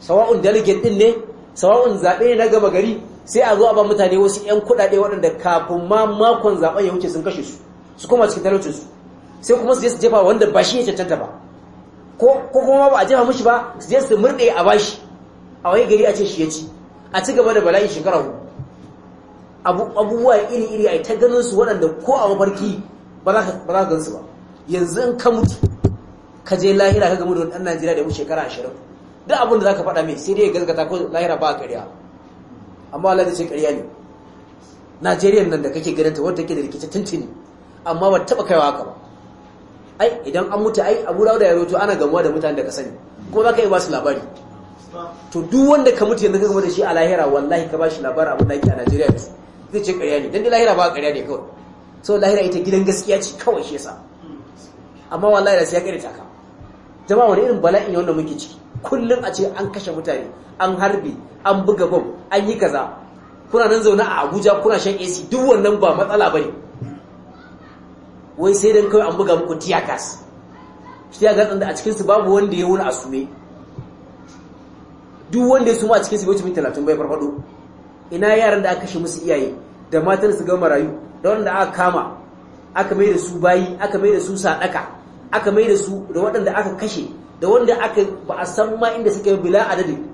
sawa'un delegate din ne sawa'un zaɓe ne na gaba gari sai a zo a ba mutane wasu 'yan kuɗaɗe waɗanda kafin ma makon zaɓen ya wuce sun kashe su su kuma cikin su sai kuma su je su jefa wanda ba shi ya cancanta ba ko kuma ba a jefa mishi ba su je su murɗe a bashi a wai gari a ce shi ya ci a ci gaba da bala'in shekara hudu abubuwa iri-iri a ta ganin su waɗanda ko a mafarki ba za ka gansu ba yanzu in ka mutu ka je lahira ka gamu da ɗan najeriya da mu shekara ashirin duk abin da za ka faɗa mai sai dai ya gaskata ko lahira ba a ƙarya amma Allah da ce ƙarya ne najeriya nan da kake ganin ta wadda take da rikice tuntuni amma ba taɓa kaiwa haka ba ai idan an mutu ai abu da ya roto ana gamuwa da mutanen da ka sani ko za ka yi ba su labari to duk wanda ka mutu yanzu ka gama da shi a lahira wallahi ka ba shi labarin abin da yake a najeriya yanzu zai ce ƙarya ne don da lahira ba a ƙarya ne kawai so lahira ita gidan gaskiya ce kawai shi yasa amma wa lahira sai ya ƙarita ka jama'a wani irin bala'i ne wanda muke ciki kullum a ce an kashe mutane an harbi an buga bom an yi kaza kuna nan zaune a abuja kuna shan ac duk wannan ba matsala ba ne wai sai dan kawai an buga muku tiyakas tiyakas ɗin da a cikinsu babu wanda ya wuni a sume duk wanda ya suma a cikinsu bai cimin talatin bai farfado ina yaran da aka shi musu iyaye da matan su ga marayu da wanda aka kama aka mai da su bayi aka mai da su sadaka aka mai da su da waɗanda aka kashe da wanda aka ba a san ma inda suke bila adadin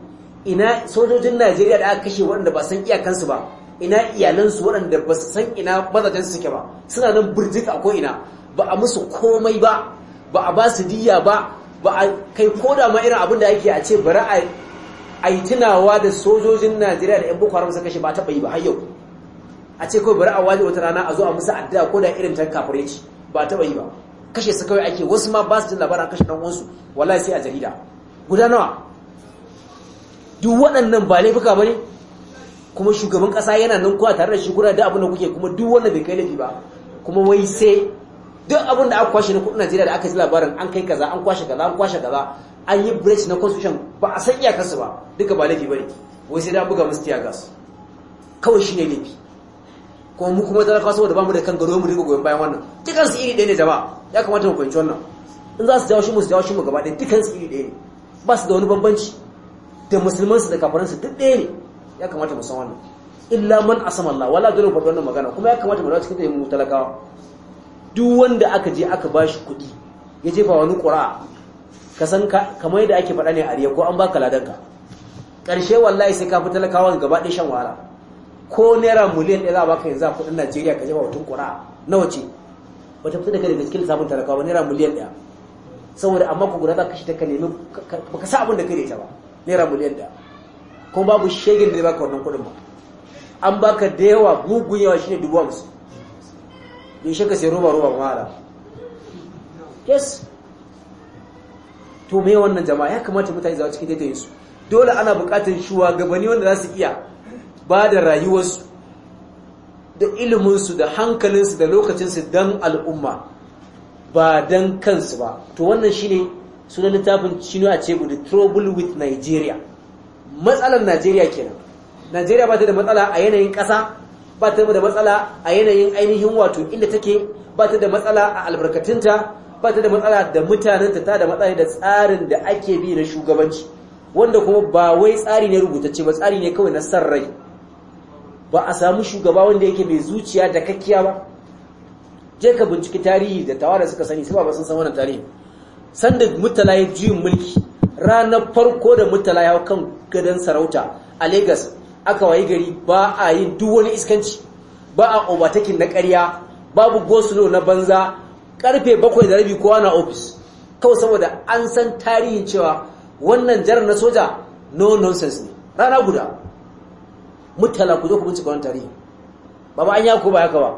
ina sojojin Najeriya da aka kashe waɗanda ba san iyakansu ba ina iyalansu waɗanda ba san ina mazajen suke ba suna nan burjik a ko ina ba a musu komai ba ba a ba su diya ba ba a kai koda ma irin abin da ake a ce bari a a yi tunawa da sojojin najeriya da 'yan boko haram suka kashe ba taɓa yi ba har yau a ce kawai bari a waje wata rana a zo a musa addu'a ko da irin ta kafirai ci ba taɓa yi ba kashe su kawai ake wasu ma ba su jin labaran kashe nan wansu wala sai a jarida guda nawa duk waɗannan ba laifuka ne kuma shugaban ƙasa yana nan kuwa tare da shi kuna da abin da kuke kuma duk wanda bai kai laifi ba kuma wai sai duk abin da aka kwashe na kudin Najeriya da aka ji labarin an kai kaza an kwashe kaza an kwashe kaza an yi breach na constitution ba a san iyakarsu ba duka ba laifi bane wai sai da buga musu tear gas kawai shine laifi kuma mu kuma da talaka saboda bamu da kan garo mu riga goyen bayan wannan dukan su iri ɗaya ne jama'a ya kamata mu fahimci wannan in za su jawo shi mu su jawo shi mu gaba ɗaya dukan su iri ɗaya ne ba su da wani bambanci da musulmansu da kafaransu duk ɗaya ne ya kamata mu san wannan illa man asama Allah wala dole faɗi wannan magana kuma ya kamata mu dawo cikin tayin mu talakawa duk wanda aka je aka bashi kuɗi ya jefa wani ƙura'a ka san kamar yadda ake faɗa ne a riya ko an baka ladanka ƙarshe wallahi sai ka fi talakawan gaba ɗaya shan wahala ko naira miliyan ɗaya za a baka yanzu a kuɗin najeriya ka jefa mutum ƙura nawa ce wata fita daga daga cikin lissafin talakawa ba naira miliyan ɗaya saboda amma ku guda za ka shi ta ka nemi ba ka sa abin da ka da ita ba naira miliyan ɗaya kuma babu shegin da ya baka wannan kuɗin ba an baka da yawa gugun yawa shine dubu hamsin bai ka sai roba roba ma'ala yes to me wannan jama'a ya kamata mutane zawa cikin daidai su dole ana buƙatar shugabanni wanda za su iya ba da rayuwarsu da iliminsu da hankalinsu da lokacinsu don al'umma ba don kansu ba to wannan shine sunan littafin shino a ce the trouble with nigeria matsalar nigeria kenan nigeria ba ta da matsala a yanayin ƙasa ba ta da matsala a yanayin ainihin wato inda take ba ta da matsala a albarkatunta ba ta da matsala da mutanen ta da matsala da tsarin da ake bi na shugabanci wanda kuma ba wai tsari ne rubutacce ba tsari ne kawai na san rai ba a samu shugaba wanda yake mai zuciya da kakkiya ba je ka binciki tarihi da tawara suka sani sai ba sun san wannan tarihi sanda mutala ya juyin mulki ranar farko da mutala ya kan gadon sarauta a Lagos aka wayi gari ba a yin duk wani iskanci ba a obatakin na karya babu gosulo na banza karfe bakwai da rabi kowa na ofis kawai saboda an san tarihin cewa wannan jarar na soja no nonsense ne rana guda mutala ku zo ku bincika wani tarihi baba an yako ba haka ba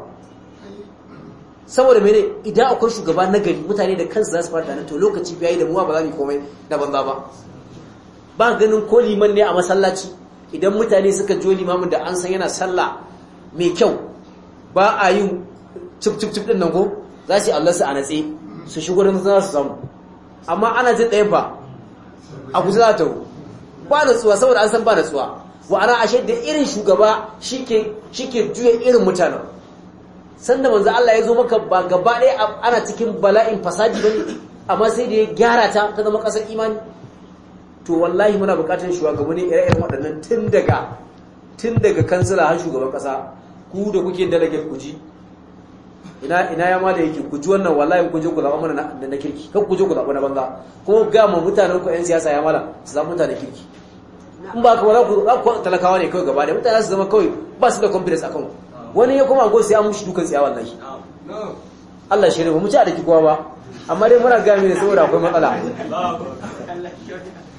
saboda mene idan akwai shugaba na gari mutane da kansu za su fara tunanin to lokaci biyayi da muwa ba za mu komai da banza ba ba ganin ko liman ne a masallaci idan mutane suka jo limamin da an san yana sallah mai kyau ba a yin cip cip cip din nan ko za su yi a natse su shigo da za su samu amma ana jin ɗaya ba a kusa za ta ba tsuwa saboda an san ba wa wa'ana ashe da irin shugaba shi ke juya irin mutanen sanda manzu Allah ya zo maka ba gaba ɗaya ana cikin bala'in fasaji ba amma sai da ya gyara ta ta zama ƙasar imani to wallahi muna buƙatar shugabanni ire-iren waɗannan tun daga tun kansila har shugaban ƙasa ku da kuke delegate ku ji ina ina yama da yake ku ji wannan wallahi ku je ku zaba mana na na kirki kan ku je ku zaba na banza kuma ga mu mutanen ku yan siyasa ya mala su zaba mutanen kirki in ba ka ba ku za ku talakawa ne kawai gaba da mutane su zama kawai ba su da confidence akan wani ya kuma go sai an mushi dukan tsiya wallahi Allah shi ne mu ci a daki kowa ba amma dai muna gami ne saboda akwai matsala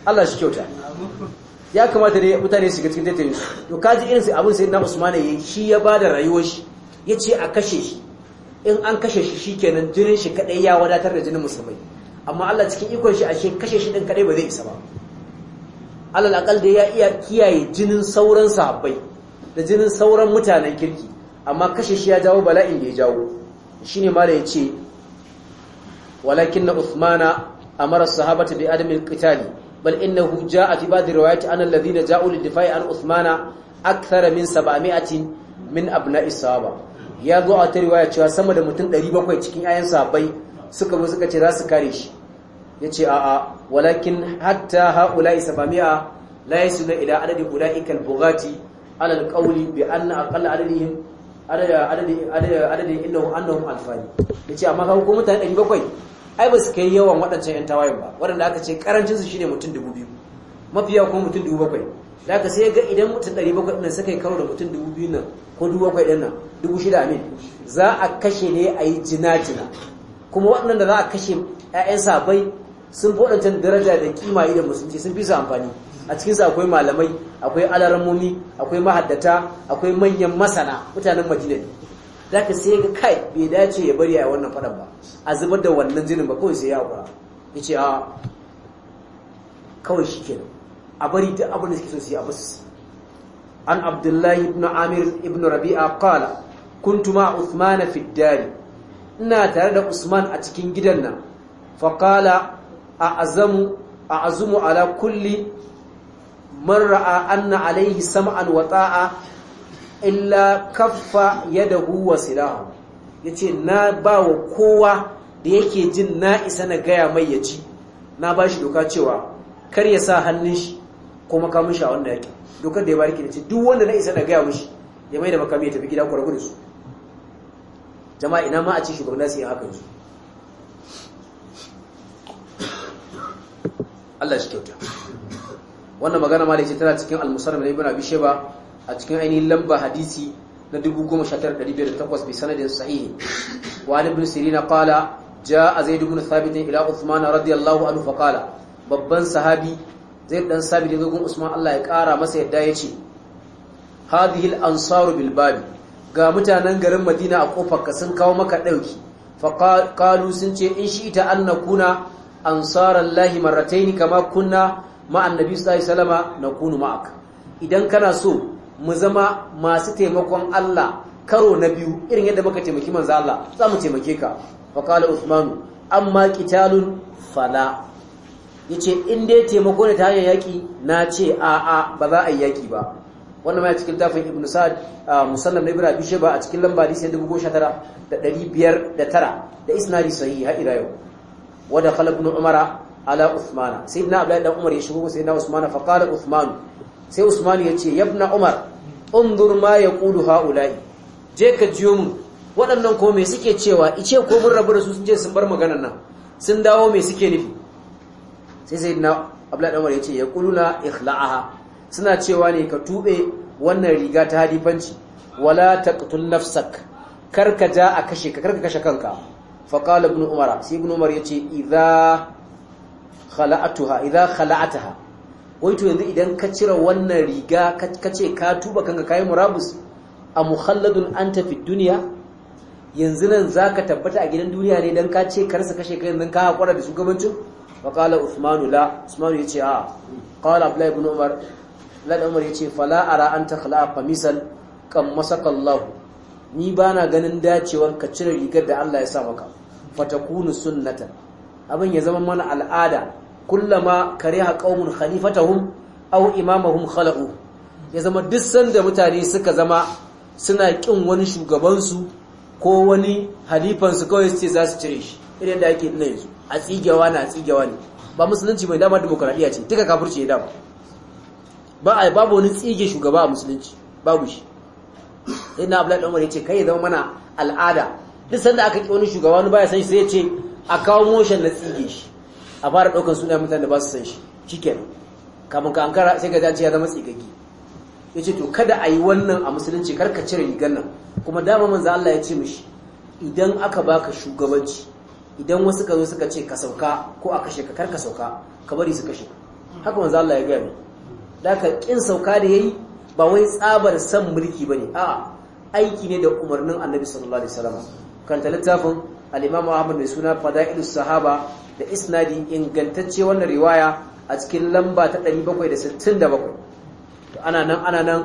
Allah shi kyauta ya kamata dai mutane su ga cikin tattayin to kaji irin sai abin sai na Usmani yayi shi ya bada rayuwar shi yace a kashe shi in an kashe shi shi shikenan jinin shi kadai ya wadatar da jinin musulmai amma Allah cikin ikon shi ashe kashe shi din kadai ba zai isa ba alal akal da ya iya kiyaye jinin sauran sahabbai da jinin sauran mutanen kirki amma kashe shi ya jawo bala'in da ya jawo shine mala yace walakin Uthmana amara sahabata bi adamil qitali bal innahu jaa fi ba'd riwayati an alladhina ja'u lid-difa'i an Uthmana akthara min 700 min abna'is sahaba ya zo a ta riwaya cewa sama da mutum 700 cikin 'ya'yan sahabbai suka zo suka ce za su kare shi ya ce a'a walakin hatta haula isabami'a la na ila adadin ulaikal bugati ala alqawli bi anna aqalla adadihim adadi adadi innahum annahum alfani ce amma kan ko mutane 700 ai ba su kai yawan waɗancan yan tawayen ba waɗanda aka ce karancin su shine mutum 2000 yawa kuma mutum 700 da aka sai ga idan mutum 700 din suka yi karo da mutum 2000 nan ko 700 ɗin nan dubu shida za a kashe ne a yi jina-jina kuma waɗannan da za a kashe 'ya'yan sabai sun fodantar daraja da kima da musulunci sun fi su amfani a cikinsu akwai malamai akwai alarmomi akwai mahaddata akwai manyan masana mutanen madina za ka sai ga kai bai dace ya bari a wannan faɗan ba a zubar da wannan jinin ba kawai sai ya haƙura ya ce a kawai shi kenan a bari duk abin da suke so su yi a an abdullahi ibn amir ibn rabi'a kala Kuntuma ma Uthman fi dari ina tare da Usman a cikin gidan nan fa qala a'azamu a'azumu ala kulli man ra'a anna alayhi sam'an wa ta'a illa kaffa yadahu wa silahu yace na bawa kowa da yake jin na isa na gaya mai yaci na bashi doka cewa kar ya sa hannun shi ko makamin shi a wanda yake dokar da ya barki ce duk wanda na isa na gaya mishi ya mai da makami ya tafi gida kwargu da su jama'a ina ma a ce shugabanni su yi haka yanzu Allah shi kyauta wannan magana ma da ce tana cikin al-musannaf da ibn bishe ba a cikin ainihin lamba hadisi na 19508 bi sanadin sahihi wa ibn sirina qala jaa zaid ibn thabit ila uthman radiyallahu anhu fa babban sahabi zai dan sabit ya usman Allah ya kara masa yadda ya ce al ansaru bil babi ga mutanen garin madina a kofarka sun kawo maka ɗauki faƙalu sun ce in shi ita an na kuna tsarar lahi marataini kama kunna ma'an nabi salama na kunu ma'aka idan kana so mu zama masu taimakon allah karo na biyu irin yadda muka taimaki manza allah za mu taimake ka faƙalu usmanu amma qitalun fala ce in dai taimako ne ta hanyar yaƙi. na ce a'a ba za a yi yaki ba wannan ma cikin tafin ibn sa'ad musannaf ibn abi shayba a cikin lamba hadisi 1509 da isnadi sahihi har ila yau wada da khala ibn umara ala usmana sayyidina abdullahi dan umar ya shigo sayyidina usmana fa qala usman sai usman ya ce yabna umar undur ma yaqulu haula'i je ka jiyo mu waɗannan ko me suke cewa ice ko mun rabu da su sun je sun bar maganar nan sun dawo me suke nufi sai sayyidina abdullahi dan umar ya ce yaquluna ikhla'aha suna cewa ne ka tube wannan riga ta hadifanci wala taqtul nafsak karka ja a kashe ka karka kashe kanka fa qala ibn umar sai ibn umar yace idza khala'atuha idza khala'ataha wai to yanzu idan ka cire wannan riga ka ce ka tuba kanka kai murabus a mukhalladun anta fi dunya yanzu nan zaka tabbata a gidan duniya ne dan ka ce ka rasa kashe kai yanzu ka hakura da shugabancin fa qala usmanu la usmanu yace a qala abdullah ibn umar da Umar ya yace fala ara an takhla'a qamisan kam masakallahu ni bana ganin dacewar ka cire rigar da Allah ya sa maka fatakunu sunnatan abin ya zama mana al'ada kullama kariha qaumun khalifatahum aw imamahum khalaqu ya zama duk sanda mutane suka zama suna kin wani shugaban su ko wani halifansu kawai su ce za su cire shi idan da ake nuna yanzu a tsigewa na tsigewa ne ba musulunci mai dama demokradiya ce duka kafirci ya dama ba a babu wani tsige shugaba a musulunci babu shi sai na abdullahi umar ce kai zama mana al'ada duk sanda aka ƙi wani shugaba wani baya san shi sai ya ce a kawo motion na tsige shi a fara ɗaukar suna mutanen da ba su san shi cikin. kamun ka kara sai ka ce ya zama tsigaggi ce to kada a yi wannan a musulunci karka cire rigar nan kuma dama manzo Allah ya ce mishi idan aka baka shugabanci idan wasu ka zo suka ce ka sauka ko a kashe ka karka sauka ka bari su kashe haka manzo Allah ya gaya daga ƙin sauka da ya yi ba wai tsabar san mulki ne. a aiki ne da umarnin Annabi sallallahu alaihi wasallam kan littafin al-Imam Ahmad mai suna Fada'ilus Sahaba da isnadi ingantacce wannan riwaya a cikin lamba ta 767 to ana nan ana nan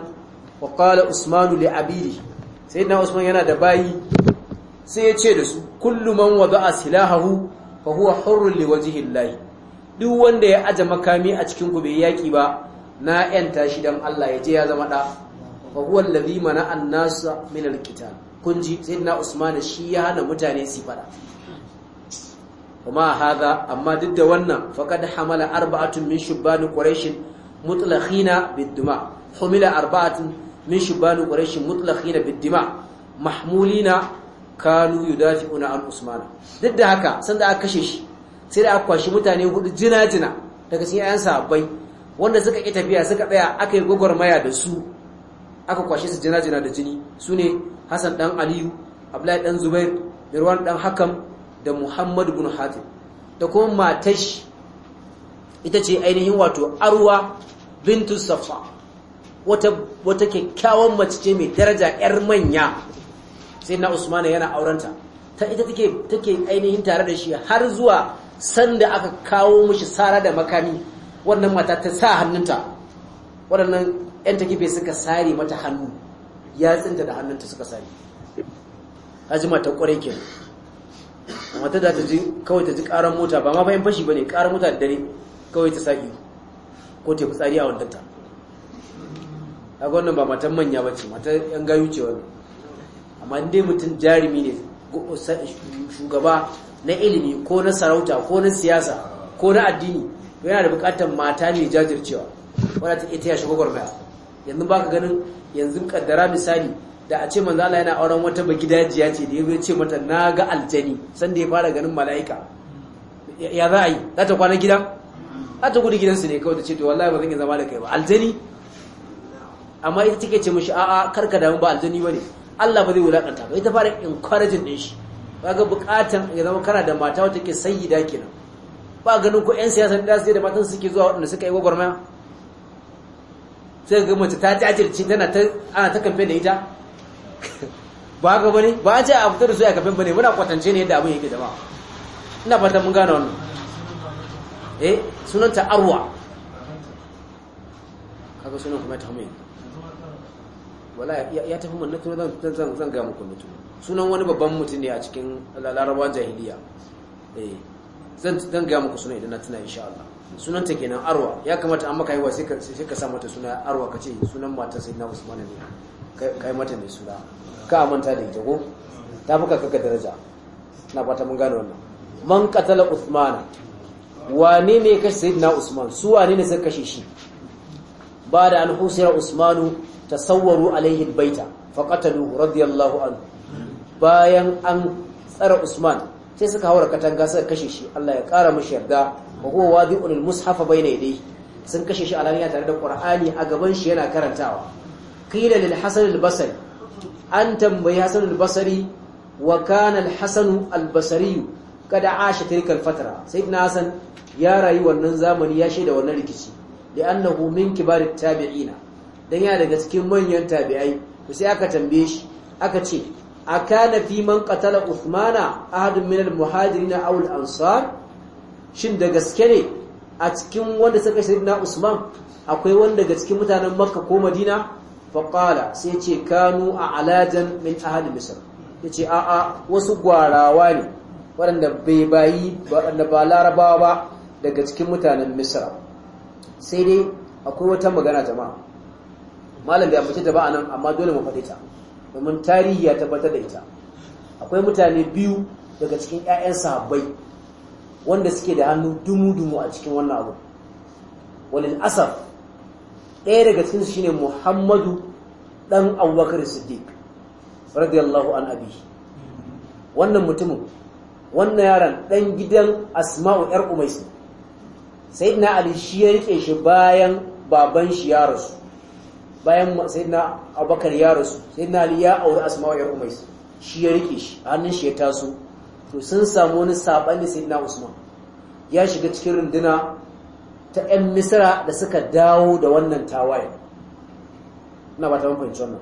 wa qala Usman li abidi sayyidina Usman yana da bayi sai ya ce da su kullu man wada'a silahahu fa huwa hurrun li wajhillahi duk wanda ya aje makami a cikin gobe yaki ba na yanta shi dan Allah ya je ya zama da fa huwa allazi mana annasa min alqital kunji sayyidina usman shi ya hana mutane su faɗa, kuma haza amma duk da wannan faqad hamala arba'atun min shubban quraish Bidima, bid-dima humila arba'atun min shubban quraish mutlakhina bid mahmulina kanu yudafi'una an usmana duk da haka sanda aka kashe shi sai da aka kwashi mutane hudu jina-jina daga cikin 'yan sahabbai wanda suka ƙi tafiya suka tsaya aka yi gwagwarmaya da su aka kwashe su jina-jina da jini su ne hassan ɗan aliyu abdullahi ɗan zubair ruwan ɗan hakan da muhammadu bin hatim da kuma matashi ita ce ainihin wato arwa bintu safa wata wata kyakkyawan mace mai daraja yar manya sai na usman yana aurenta ta ita take ainihin tare da shi har zuwa sanda aka kawo mishi sara da makami wannan mata ta sa hannunta waɗannan 'yan takife suka sare mata hannu tsinta da hannunta suka sare hajjima ta ƙwarai ke mata da ta ji kawai ta ji ƙarar mota ba ma fahim fashi ba ne ƙarar mota da dare kawai ta saƙi ko ta fitsari a wandanta a wannan ba matan manya ba ce mata 'yan gayu ce wani amma dai mutum jarumi ne shugaba na ilimi ko na sarauta ko na siyasa ko na addini yana da bukatar mata ne jajircewa wadda ta ita ya shiga gwarmaya yanzu ba ka ganin yanzu kaddara misali da a ce manzala yana auren wata gidajiya ce da ya ce mata na ga aljani sanda ya fara ganin mala'ika ya za a yi za ta kwana gidan za ta gudu gidansu ne kawai da ce to wallahi ba zan yi zama da kai ba aljani amma ita take ce mashi a'a karka damu ba aljani ba ne Allah ba zai wulakanta ba ita fara encouraging din shi ba ga bukatan ya zama kana da mata wata ke da kenan ba ganin ko 'yan siyasar da su da matan suke zuwa waɗanda suka yi gwagwarmaya sai ga mace ta jajirce tana ta ana ta kamfe da ita ba ga bane ba a ce a fitar da su a kamfe bane muna kwatance ne yadda abin yake jama'a ina fata mun gane wannan eh sunan ta arwa kaga sunan kuma ta mai wala ya tafi mun na zan zan zan ga muku mutum sunan wani babban mutum ne a cikin larabawan jahiliya eh zan dan ga muku suna idan na tuna insha Allah ta kenan arwa ya kamata an maka yawa sai ka sai ka sa mata suna arwa kace sunan matar sayyidina usman ne kai mata mai suna ka manta da ita ko ta fuka kaka daraja na fata mun gane wannan man qatala usman wa ne kashe sayyidina usman su wa ne sai kashe shi ba da an husira usmanu tasawwaru alaihi baita faqatalu radiyallahu anhu bayan an tsara usman sai suka haura katanga suka kashe shi Allah ya kara mushi yarda wa huwa wadi'un al-mushaf bayna yadayhi sun kashe shi alaniya tare da Qur'ani a gaban shi yana karantawa qila lil Hasan al-Basri an tambayi Hasan al-Basri wa kana al-Hasan al-Basri kada asha tilka al-fatra sayyidina Hasan ya rayu wannan zamani ya shaida wannan rikici annahu min kibar at-tabi'ina dan ya daga cikin manyan tabi'ai sai aka tambaye shi aka ce A fi man qatala usmana ahadun min muhajiri na aw ansar shin da gaske ne a cikin wanda suka na usman akwai wanda daga cikin mutanen makka ko madina faqala sai ce kanu a alajan min ahli misr yace a a wasu gwarawa ne waɗanda bai bayi waɗanda ba larabawa ba daga cikin mutanen misra sai dai akwai wata magana jama'a malam bai ambace ta ba anan amma dole mu faɗe ta domin tarihi ya tabbatar da ita akwai mutane biyu daga cikin 'ya'yan sahabbai wanda suke da hannu dumu-dumu a cikin wannan abu walil asaf ɗaya daga cikin ne muhammadu ɗan abubakar siddiq radiyallahu an abi wannan mutumin wannan yaran, ɗan gidan asma'u 'yar umaisu sai na ali shi ya shi bayan baban shi ya rasu bayan sayyidina abubakar ya rasu sayyidina ali ya auri asma'u yar umais shi ya rike shi hannun shi ya taso to sun samu wani sabani sayyidina usman ya shiga cikin runduna ta ƴan misra da suka dawo da wannan tawaye ina ba ta mafanci wannan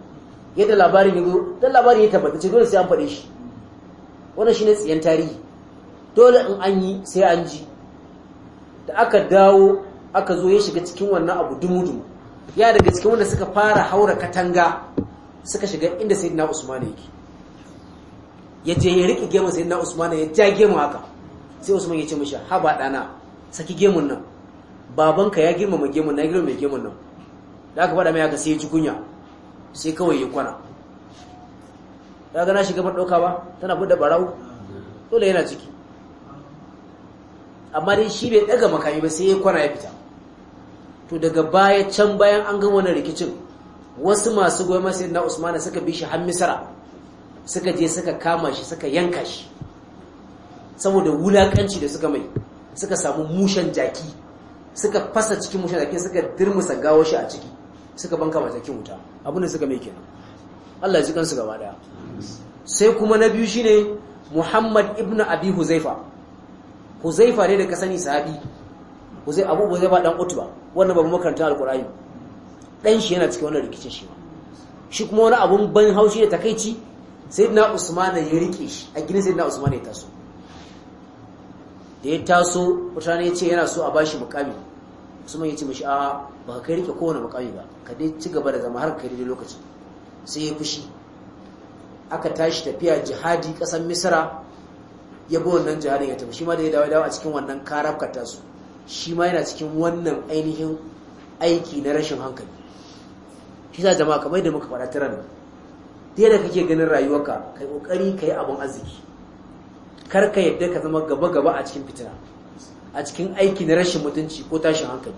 yadda labarin ya zo dan labarin ya tabbata ce dole sai an faɗe shi wannan shine tsiyan tarihi dole in an yi sai an ji da aka dawo aka zo ya shiga cikin wannan abu dumudumu ya daga cikin wanda suka fara haura katanga suka shiga inda sayyidina usman yake ya je ya rike gemun sayyidina usman ya ja gemun haka sai usman ya ce mishi haba dana saki gemun nan babanka ya girmama gemun na girma mai gemun nan da aka faɗa mai haka sai ya ji kunya sai kawai ya kwana ga gana shiga ban dauka ba tana buɗe barau dole yana ciki amma dai shi bai ɗaga makami ba sai ya kwana ya fita to daga baya can bayan an ga wani rikicin wasu masu goma sai na usmana suka bi shi har misra suka je suka kama shi suka yanka shi saboda wulakanci da suka mai suka samu mushen jaki suka fasa cikin mushen jaki suka dirmusa gawo shi a ciki suka banka mata kin wuta da suka mai kenan Allah ya ji kansu gaba daya sai kuma na biyu shine Muhammad ibnu Abi Huzaifa Huzaifa ne da ka sani sahabi zai abu zai ba dan utuba wannan babu makaranta alqur'ani dan shi yana cikin wannan rikicin shi shi kuma wani abun ban haushi da takeici sayyidina usman ya rike shi a gidan sayyidina usman ya taso da ya taso mutane ya ce yana so a bashi mukami usman ya ce mishi a ba ka rike kowane mukami ba ka dai ci gaba da zama har ka daidai lokaci sai ya fushi aka tashi tafiya jihadi kasan misra ya bi wannan jihadin ya tafi shi ma da ya dawo a cikin wannan karafka tasu shi ma yana cikin wannan ainihin aiki na rashin hankali shi za jama'a kamar da muka faɗa tiran dai da kake ganin rayuwarka kai kokari yi abun arziki kar ka yadda ka zama gaba gaba a cikin fitina a cikin aiki na rashin mutunci ko tashin hankali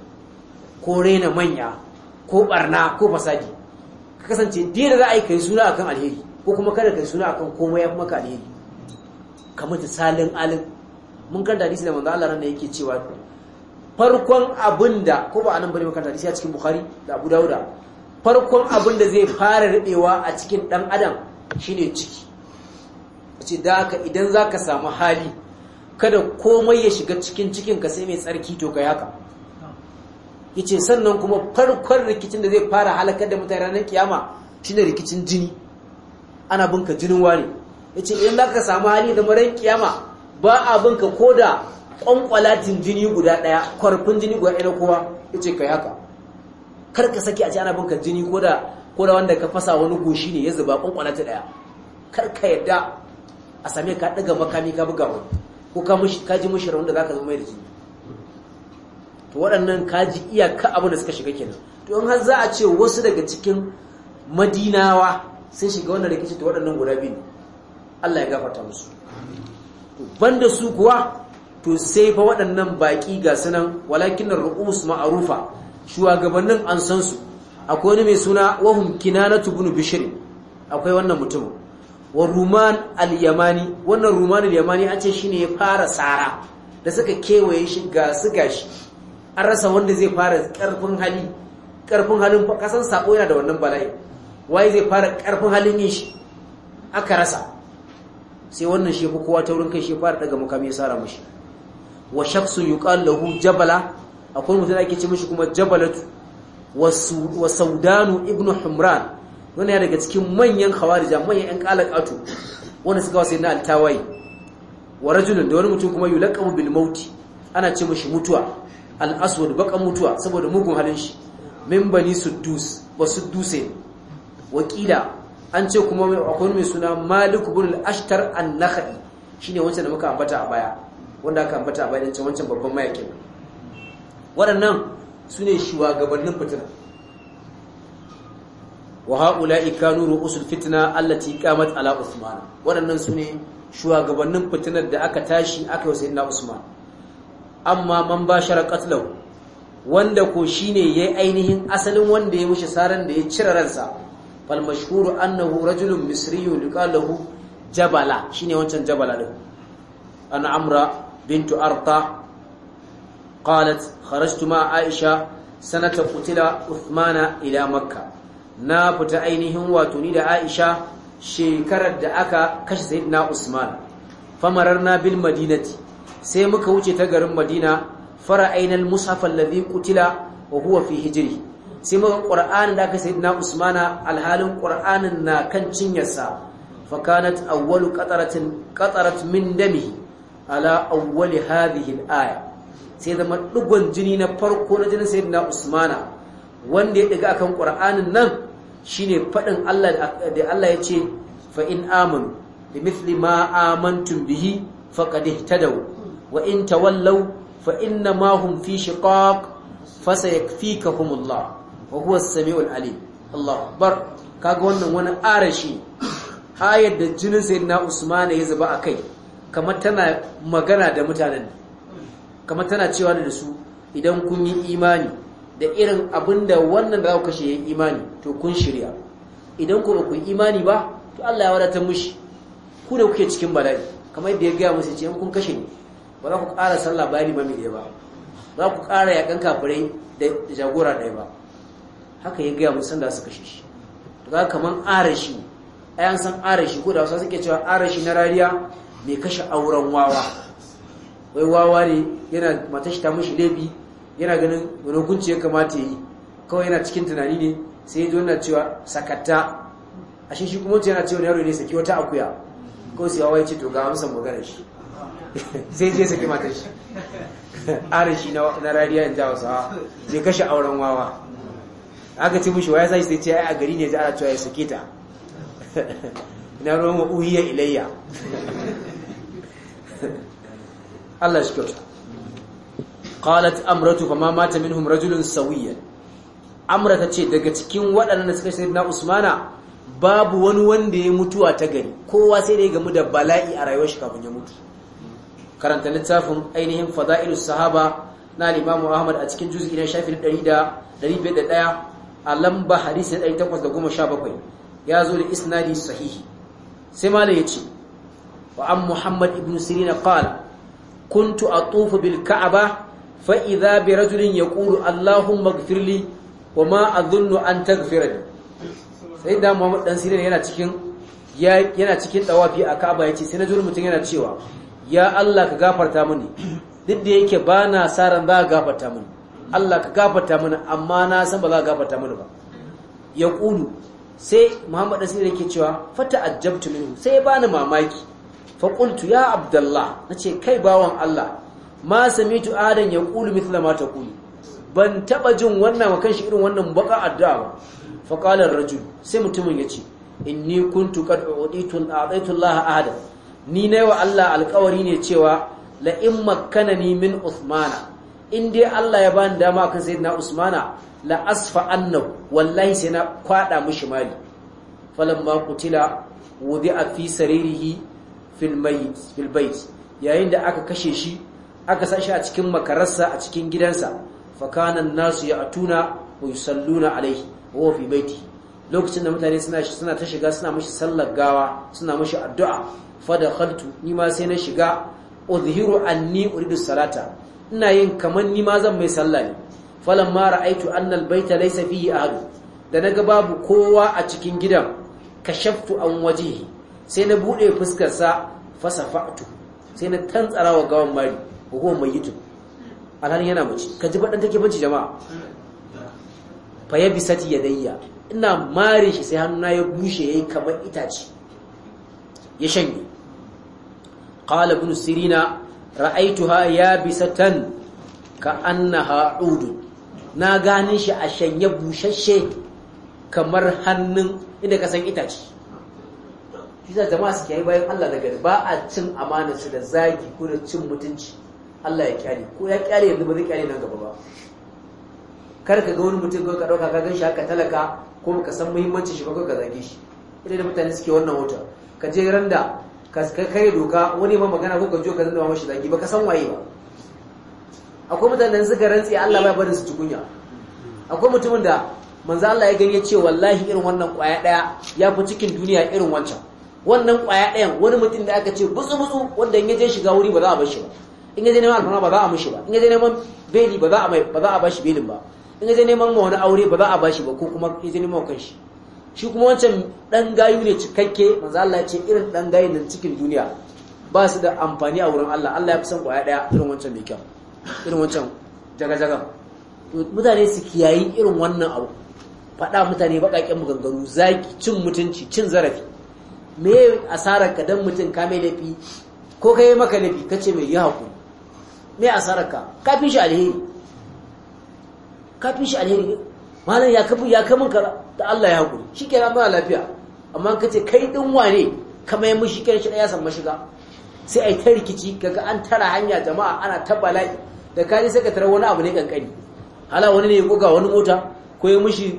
ko raina manya ko barna ko fasadi ka kasance da za a yi kai suna akan alheri ko kuma kada kai suna akan komai ya maka alheri kamar ta salin alin mun da hadisi da manzo Allah ran da yake cewa farkon abin da ko ba anan bane makanta da shi a cikin bukhari da abu dauda farkon abin da zai fara riɓewa a cikin dan adam shine ciki ce da ka idan zaka ka samu hali kada komai ya shiga cikin cikinka sai mai tsarki to kai haka. yace sannan kuma farkon rikicin da zai fara halakar da mutane ranar kiyama shine rikicin jini ana binka jinin wani yace idan za samu hali da maran kiyama ba a binka ko kwankwalatin jini guda daya kwarfin jini guda ɗaya kowa yace kai haka kar ka saki a ci ana binka jini ko da wanda ka fasa wani goshi ne ya zuba kwankwalatin daya kar ka yadda a same ka ɗaga makami ka buga wani ko ka ji mushi raunin da ka zama mai da jini to waɗannan ka ji iyaka abin da suka shiga kenan to in har za a ce wasu daga cikin madinawa sun shiga wannan rikici to waɗannan guda biyu Allah ya gafarta musu da su kuwa to sai fa waɗannan baƙi ga sanan walakin ru'us ma'rufa shugabannin an san su akwai wani mai suna wahum kinanatu ibn bishr akwai wannan mutum wa ruman al-yamani wannan ruman al-yamani an ce shine ya fara tsara da suka kewaye shi ga su gashi an rasa wanda zai fara karfin hali karfin halin kasan sako yana da wannan bala'i waye zai fara karfin halin yin shi aka rasa sai wannan shi kowa taurin kai shi fara daga mukami ya sara mushi wa shakhsun yuqal lahu jabala akwai mutum ake ce mishi kuma jabalatu wa saudanu ibnu humran wannan ya daga cikin manyan khawarija manyan yan kalakatu wanda suka wasu na altawai wa rajulun da wani mutum kuma yulaqabu bil mauti ana ce mishi mutuwa al aswad bakan mutuwa saboda mugun halin shi min bani suddus wa suddusin wakila an ce kuma akwai mai suna malik ibn al ashtar an nakhai shine wancan da muka ambata a baya wanda aka ambata a bayan wancan babban mayakin waɗannan su ne shugabannin fitina wa haƙula ikanu ru'usul fitna allati ala usman waɗannan su ne shugabannin fitinar da aka tashi aka yi usman amma man shara qatlahu wanda ko shi ne ya yi ainihin asalin wanda ya mushi saran da ya cire ransa falmashuru annahu rajulun misriyu yuqalu jabala shi ne wancan jabala din an amra بنت أرطى قالت خرجت مع عائشة سنة قتل عثمان إلى مكة نابت أينهم وتنيد عائشة شكرت دعاك كش سيدنا عثمان فمررنا بالمدينة سيمك وجه تقر المدينة فرأينا المصحف الذي قتل وهو في هجره سيمك القرآن دعاك سيدنا عثمان الحال القرآن كان تنيسا فكانت أول قطرة قطرت من دمه ala awwali hadhihi al-aya sai zama dugon jini na farko na jinin sayyidina usmana wanda ya diga akan qur'anin nan shine fadin Allah da Allah yace fa in amanu bi mithli ma amantum bihi faqad ihtadaw wa in tawallaw fa inna ma hum fi shiqaq fasayakfikahumullah wa huwa as-sami'ul alim Allahu akbar kaga wannan wani arashi ayar da jinin sayyidina usmana ya zuba akai kamar tana magana da mutanen kamar tana cewa da su idan kun yi imani da irin abinda wannan da za ku kashe imani to kun shirya idan ku ku imani ba to Allah ya wadatar mushi ku da kuke cikin bala'i kamar yadda ya gaya musu ce kun kashe ni ba za ku ƙara sallah bayani ba mai ba za ku ƙara yakan kafirai da jagora da ba haka ya gaya musu da su kashe shi to ga kaman arashi ayan san arashi ko da wasu suke cewa arashi na rariya mai kashe auren wawa wai wawa ne yana matashi ta mashi laifi yana ganin wani hukunci ya kamata yi kawai yana cikin tunani ne sai yi na cewa sakatta a shi shi kuma yana cewa yaro ne saki wata akuya kawai sai wawa ya ce to ga amsan maganar shi sai je saki matashi. shi ara shi na rariya in jawo sawa zai kashe auren wawa aka ce mushi waya sai sai ce ai a gari ne za a cewa ya sake ta na ruwan wa uhiya ilayya Allah shi kyauta qalat amratu ma mata minhum rajulun sawiyya amra ta ce daga cikin waɗannan da suka shirya na usmana babu wani wanda ya mutuwa ta gari kowa sai da ya gamu da bala'i a rayuwar shi kafin ya mutu karanta littafin ainihin fada'ilus sahaba na limamu ahmad a cikin juzi na shafi ɗaya a lamba hadisi 817 ya zo da isnadi sahihi sai malam ya ce وعن محمد بن سيرين قال كنت أطوف بالكعبة فإذا برجل يقول اللهم اغفر لي وما أظن أن تغفر لي سيدنا محمد بن سيرين yana cikin yana cikin dawafi a Ka'aba yace sai na naji mutum yana cewa ya Allah ka gafarta mini duk da yake ba sa ran za ka gafarta mini Allah ka gafarta mini amma na san ba za ka gafarta mini ba ya kulu sai Muhammad sai sirri yake cewa fata ajabtu minhu sai ya bani mamaki faƙultu ya abdullah na ce kai bawan Allah ma samitu adan ya ƙulu mitla ma ta ƙulu ban taɓa jin wannan makan shi irin wannan baka addu'a ba faƙalar rajul sai mutumin ya ce inni kun tuƙar u'titu a'taytullah ahada ni na wa Allah alƙawari ne cewa la in makkanani min usmana in dai Allah ya bani dama akan saidina usmana la asfa annahu wallahi sai na kwada mishi mali falamma qutila a fi saririhi filbait yayin da aka kashe shi aka sashi a cikin makararsa a cikin gidansa fakanan nasu ya atuna wa yusalluna alaihi wa fi lokacin da mutane suna ta shiga suna mashi sallar gawa suna mashi addu'a fa dakhaltu ni ma sai na shiga udhiru anni uridu salata ina yin kamar ni ma zan mai falon ne falamma ra'aitu anna baita laysa fihi hadu da naga babu kowa a cikin gidan kashaftu an wajihi sai na buɗe fuskarsa fasafa'tu sai na tantsara wa gawan mari mai yitu alhali yana mace ka ji baɗin take banci jama'a fa ya ya ina mare shi sai hannuna ya bushe ya yi kamar itace ya shanye ƙala bin sirina bi satan ka annaha udud na gane shi a shanye bushashe kamar hannun inda ka san itace kisa jama'a su yi bayan Allah na gari ba a cin amana su da zagi ko da cin mutunci Allah ya kyale ko ya kyale yanzu ba zai kyale nan gaba ba kar ka ga wani mutum ko ka dauka ka ganshi haka talaka ko ka san muhimmancin shi ba ko ka zage shi ita da mutane suke wannan wuta ka je randa ka kai doka wani ma magana ko ka jo ka zama mashi zagi ba ka san waye ba akwai mutanen suka rantsi Allah bai barin su tukunya akwai mutumin da manzo Allah ya gani ya ce wallahi irin wannan kwaya daya ya fi cikin duniya irin wancan wannan kwaya ɗayan wani mutum da aka ce busu-busu wanda in yaje shiga wuri ba za a bar shi ba in yaje neman alfarma ba za a mishi ba in yaje neman beli ba za a mai ba za a bashi belin ba in yaje neman ma wani aure ba za a bashi ba ko kuma yaje neman kanshi shi kuma wancan dan gayu ne cikakke manzo Allah ya ce irin dan gayu nan cikin duniya ba su da amfani a wurin Allah Allah ya fi san kwaya ɗaya irin wancan mai kyau irin wancan jaga-jaga mutane su kiyayi irin wannan abu faɗa mutane baƙaƙen maganganu zaki cin mutunci cin zarafi me asarar ka dan mutum ka mai laifi ko kai maka laifi kace mai yi haƙuri? me asarar ka ka fi shi alheri ka fi shi alheri malam ya kafu ya kamun ka da Allah ya ke shikenan ba lafiya amma kace kai din wane ka mai mushi kai shi da ya san mashiga sai ai ta rikici kaga an tara hanya jama'a ana ta bala'i da kaji sai ka tara wani abu ne kankani hala wani ne ya goga wani mota ko ya mushi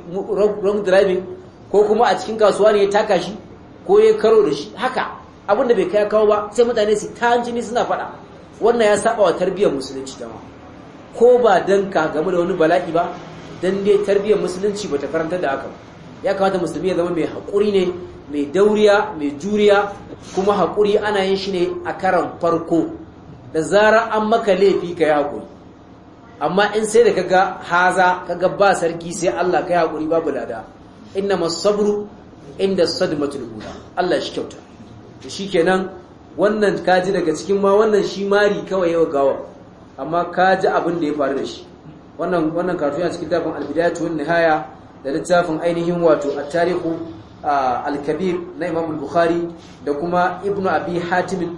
wrong driving ko kuma a cikin kasuwa ne ya taka shi ko ya karo da shi haka abin da bai kai kawo ba sai mutane su ta jini suna faɗa wannan ya saba wa tarbiyyar musulunci dama ko ba dan ka game da wani bala'i ba dan dai tarbiyyar musulunci ba ta karanta da haka ya kamata musulmi ya zama mai hakuri ne mai dauriya mai juriya kuma hakuri ana yin shi ne a karan farko da zara an maka laifi ka yi haƙuri amma in sai da kaga haza kaga ba sarki sai Allah ka yi babu lada inna masabru inda sadmatul ula Allah shi kyauta to shikenan wannan kaji daga cikin ma wannan shi mari kawai yau gawa amma kaji abin da ya faru da shi wannan wannan karatu yana cikin dafin albidayatu wan nihaya da littafin ainihin wato at-tarihu al-kabir na Imam al-Bukhari da kuma Ibn Abi Hatim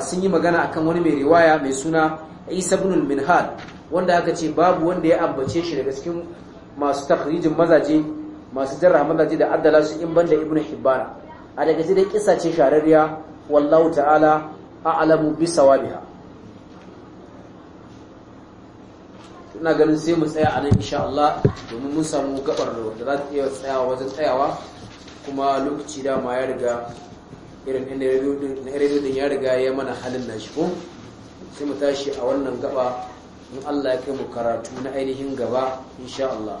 sun yi magana akan wani mai riwaya mai suna Isa ibn al-Minhal wanda aka ce babu wanda ya ambace shi daga cikin masu takhrijin mazaje masu jarra ji da addala su in banda ibnu hibbana a daga ji da kisa ce shararriya wallahu ta'ala a'lamu bi sawabiha ina ganin sai mu tsaya a nan insha Allah domin mun samu gabar da za ta iya tsaya wajen tsayawa kuma lokaci da ma ya riga irin inda radio din ya riga ya mana halin nashi ko sai mu tashi a wannan gaba in Allah ya kai mu karatu na ainihin gaba insha Allah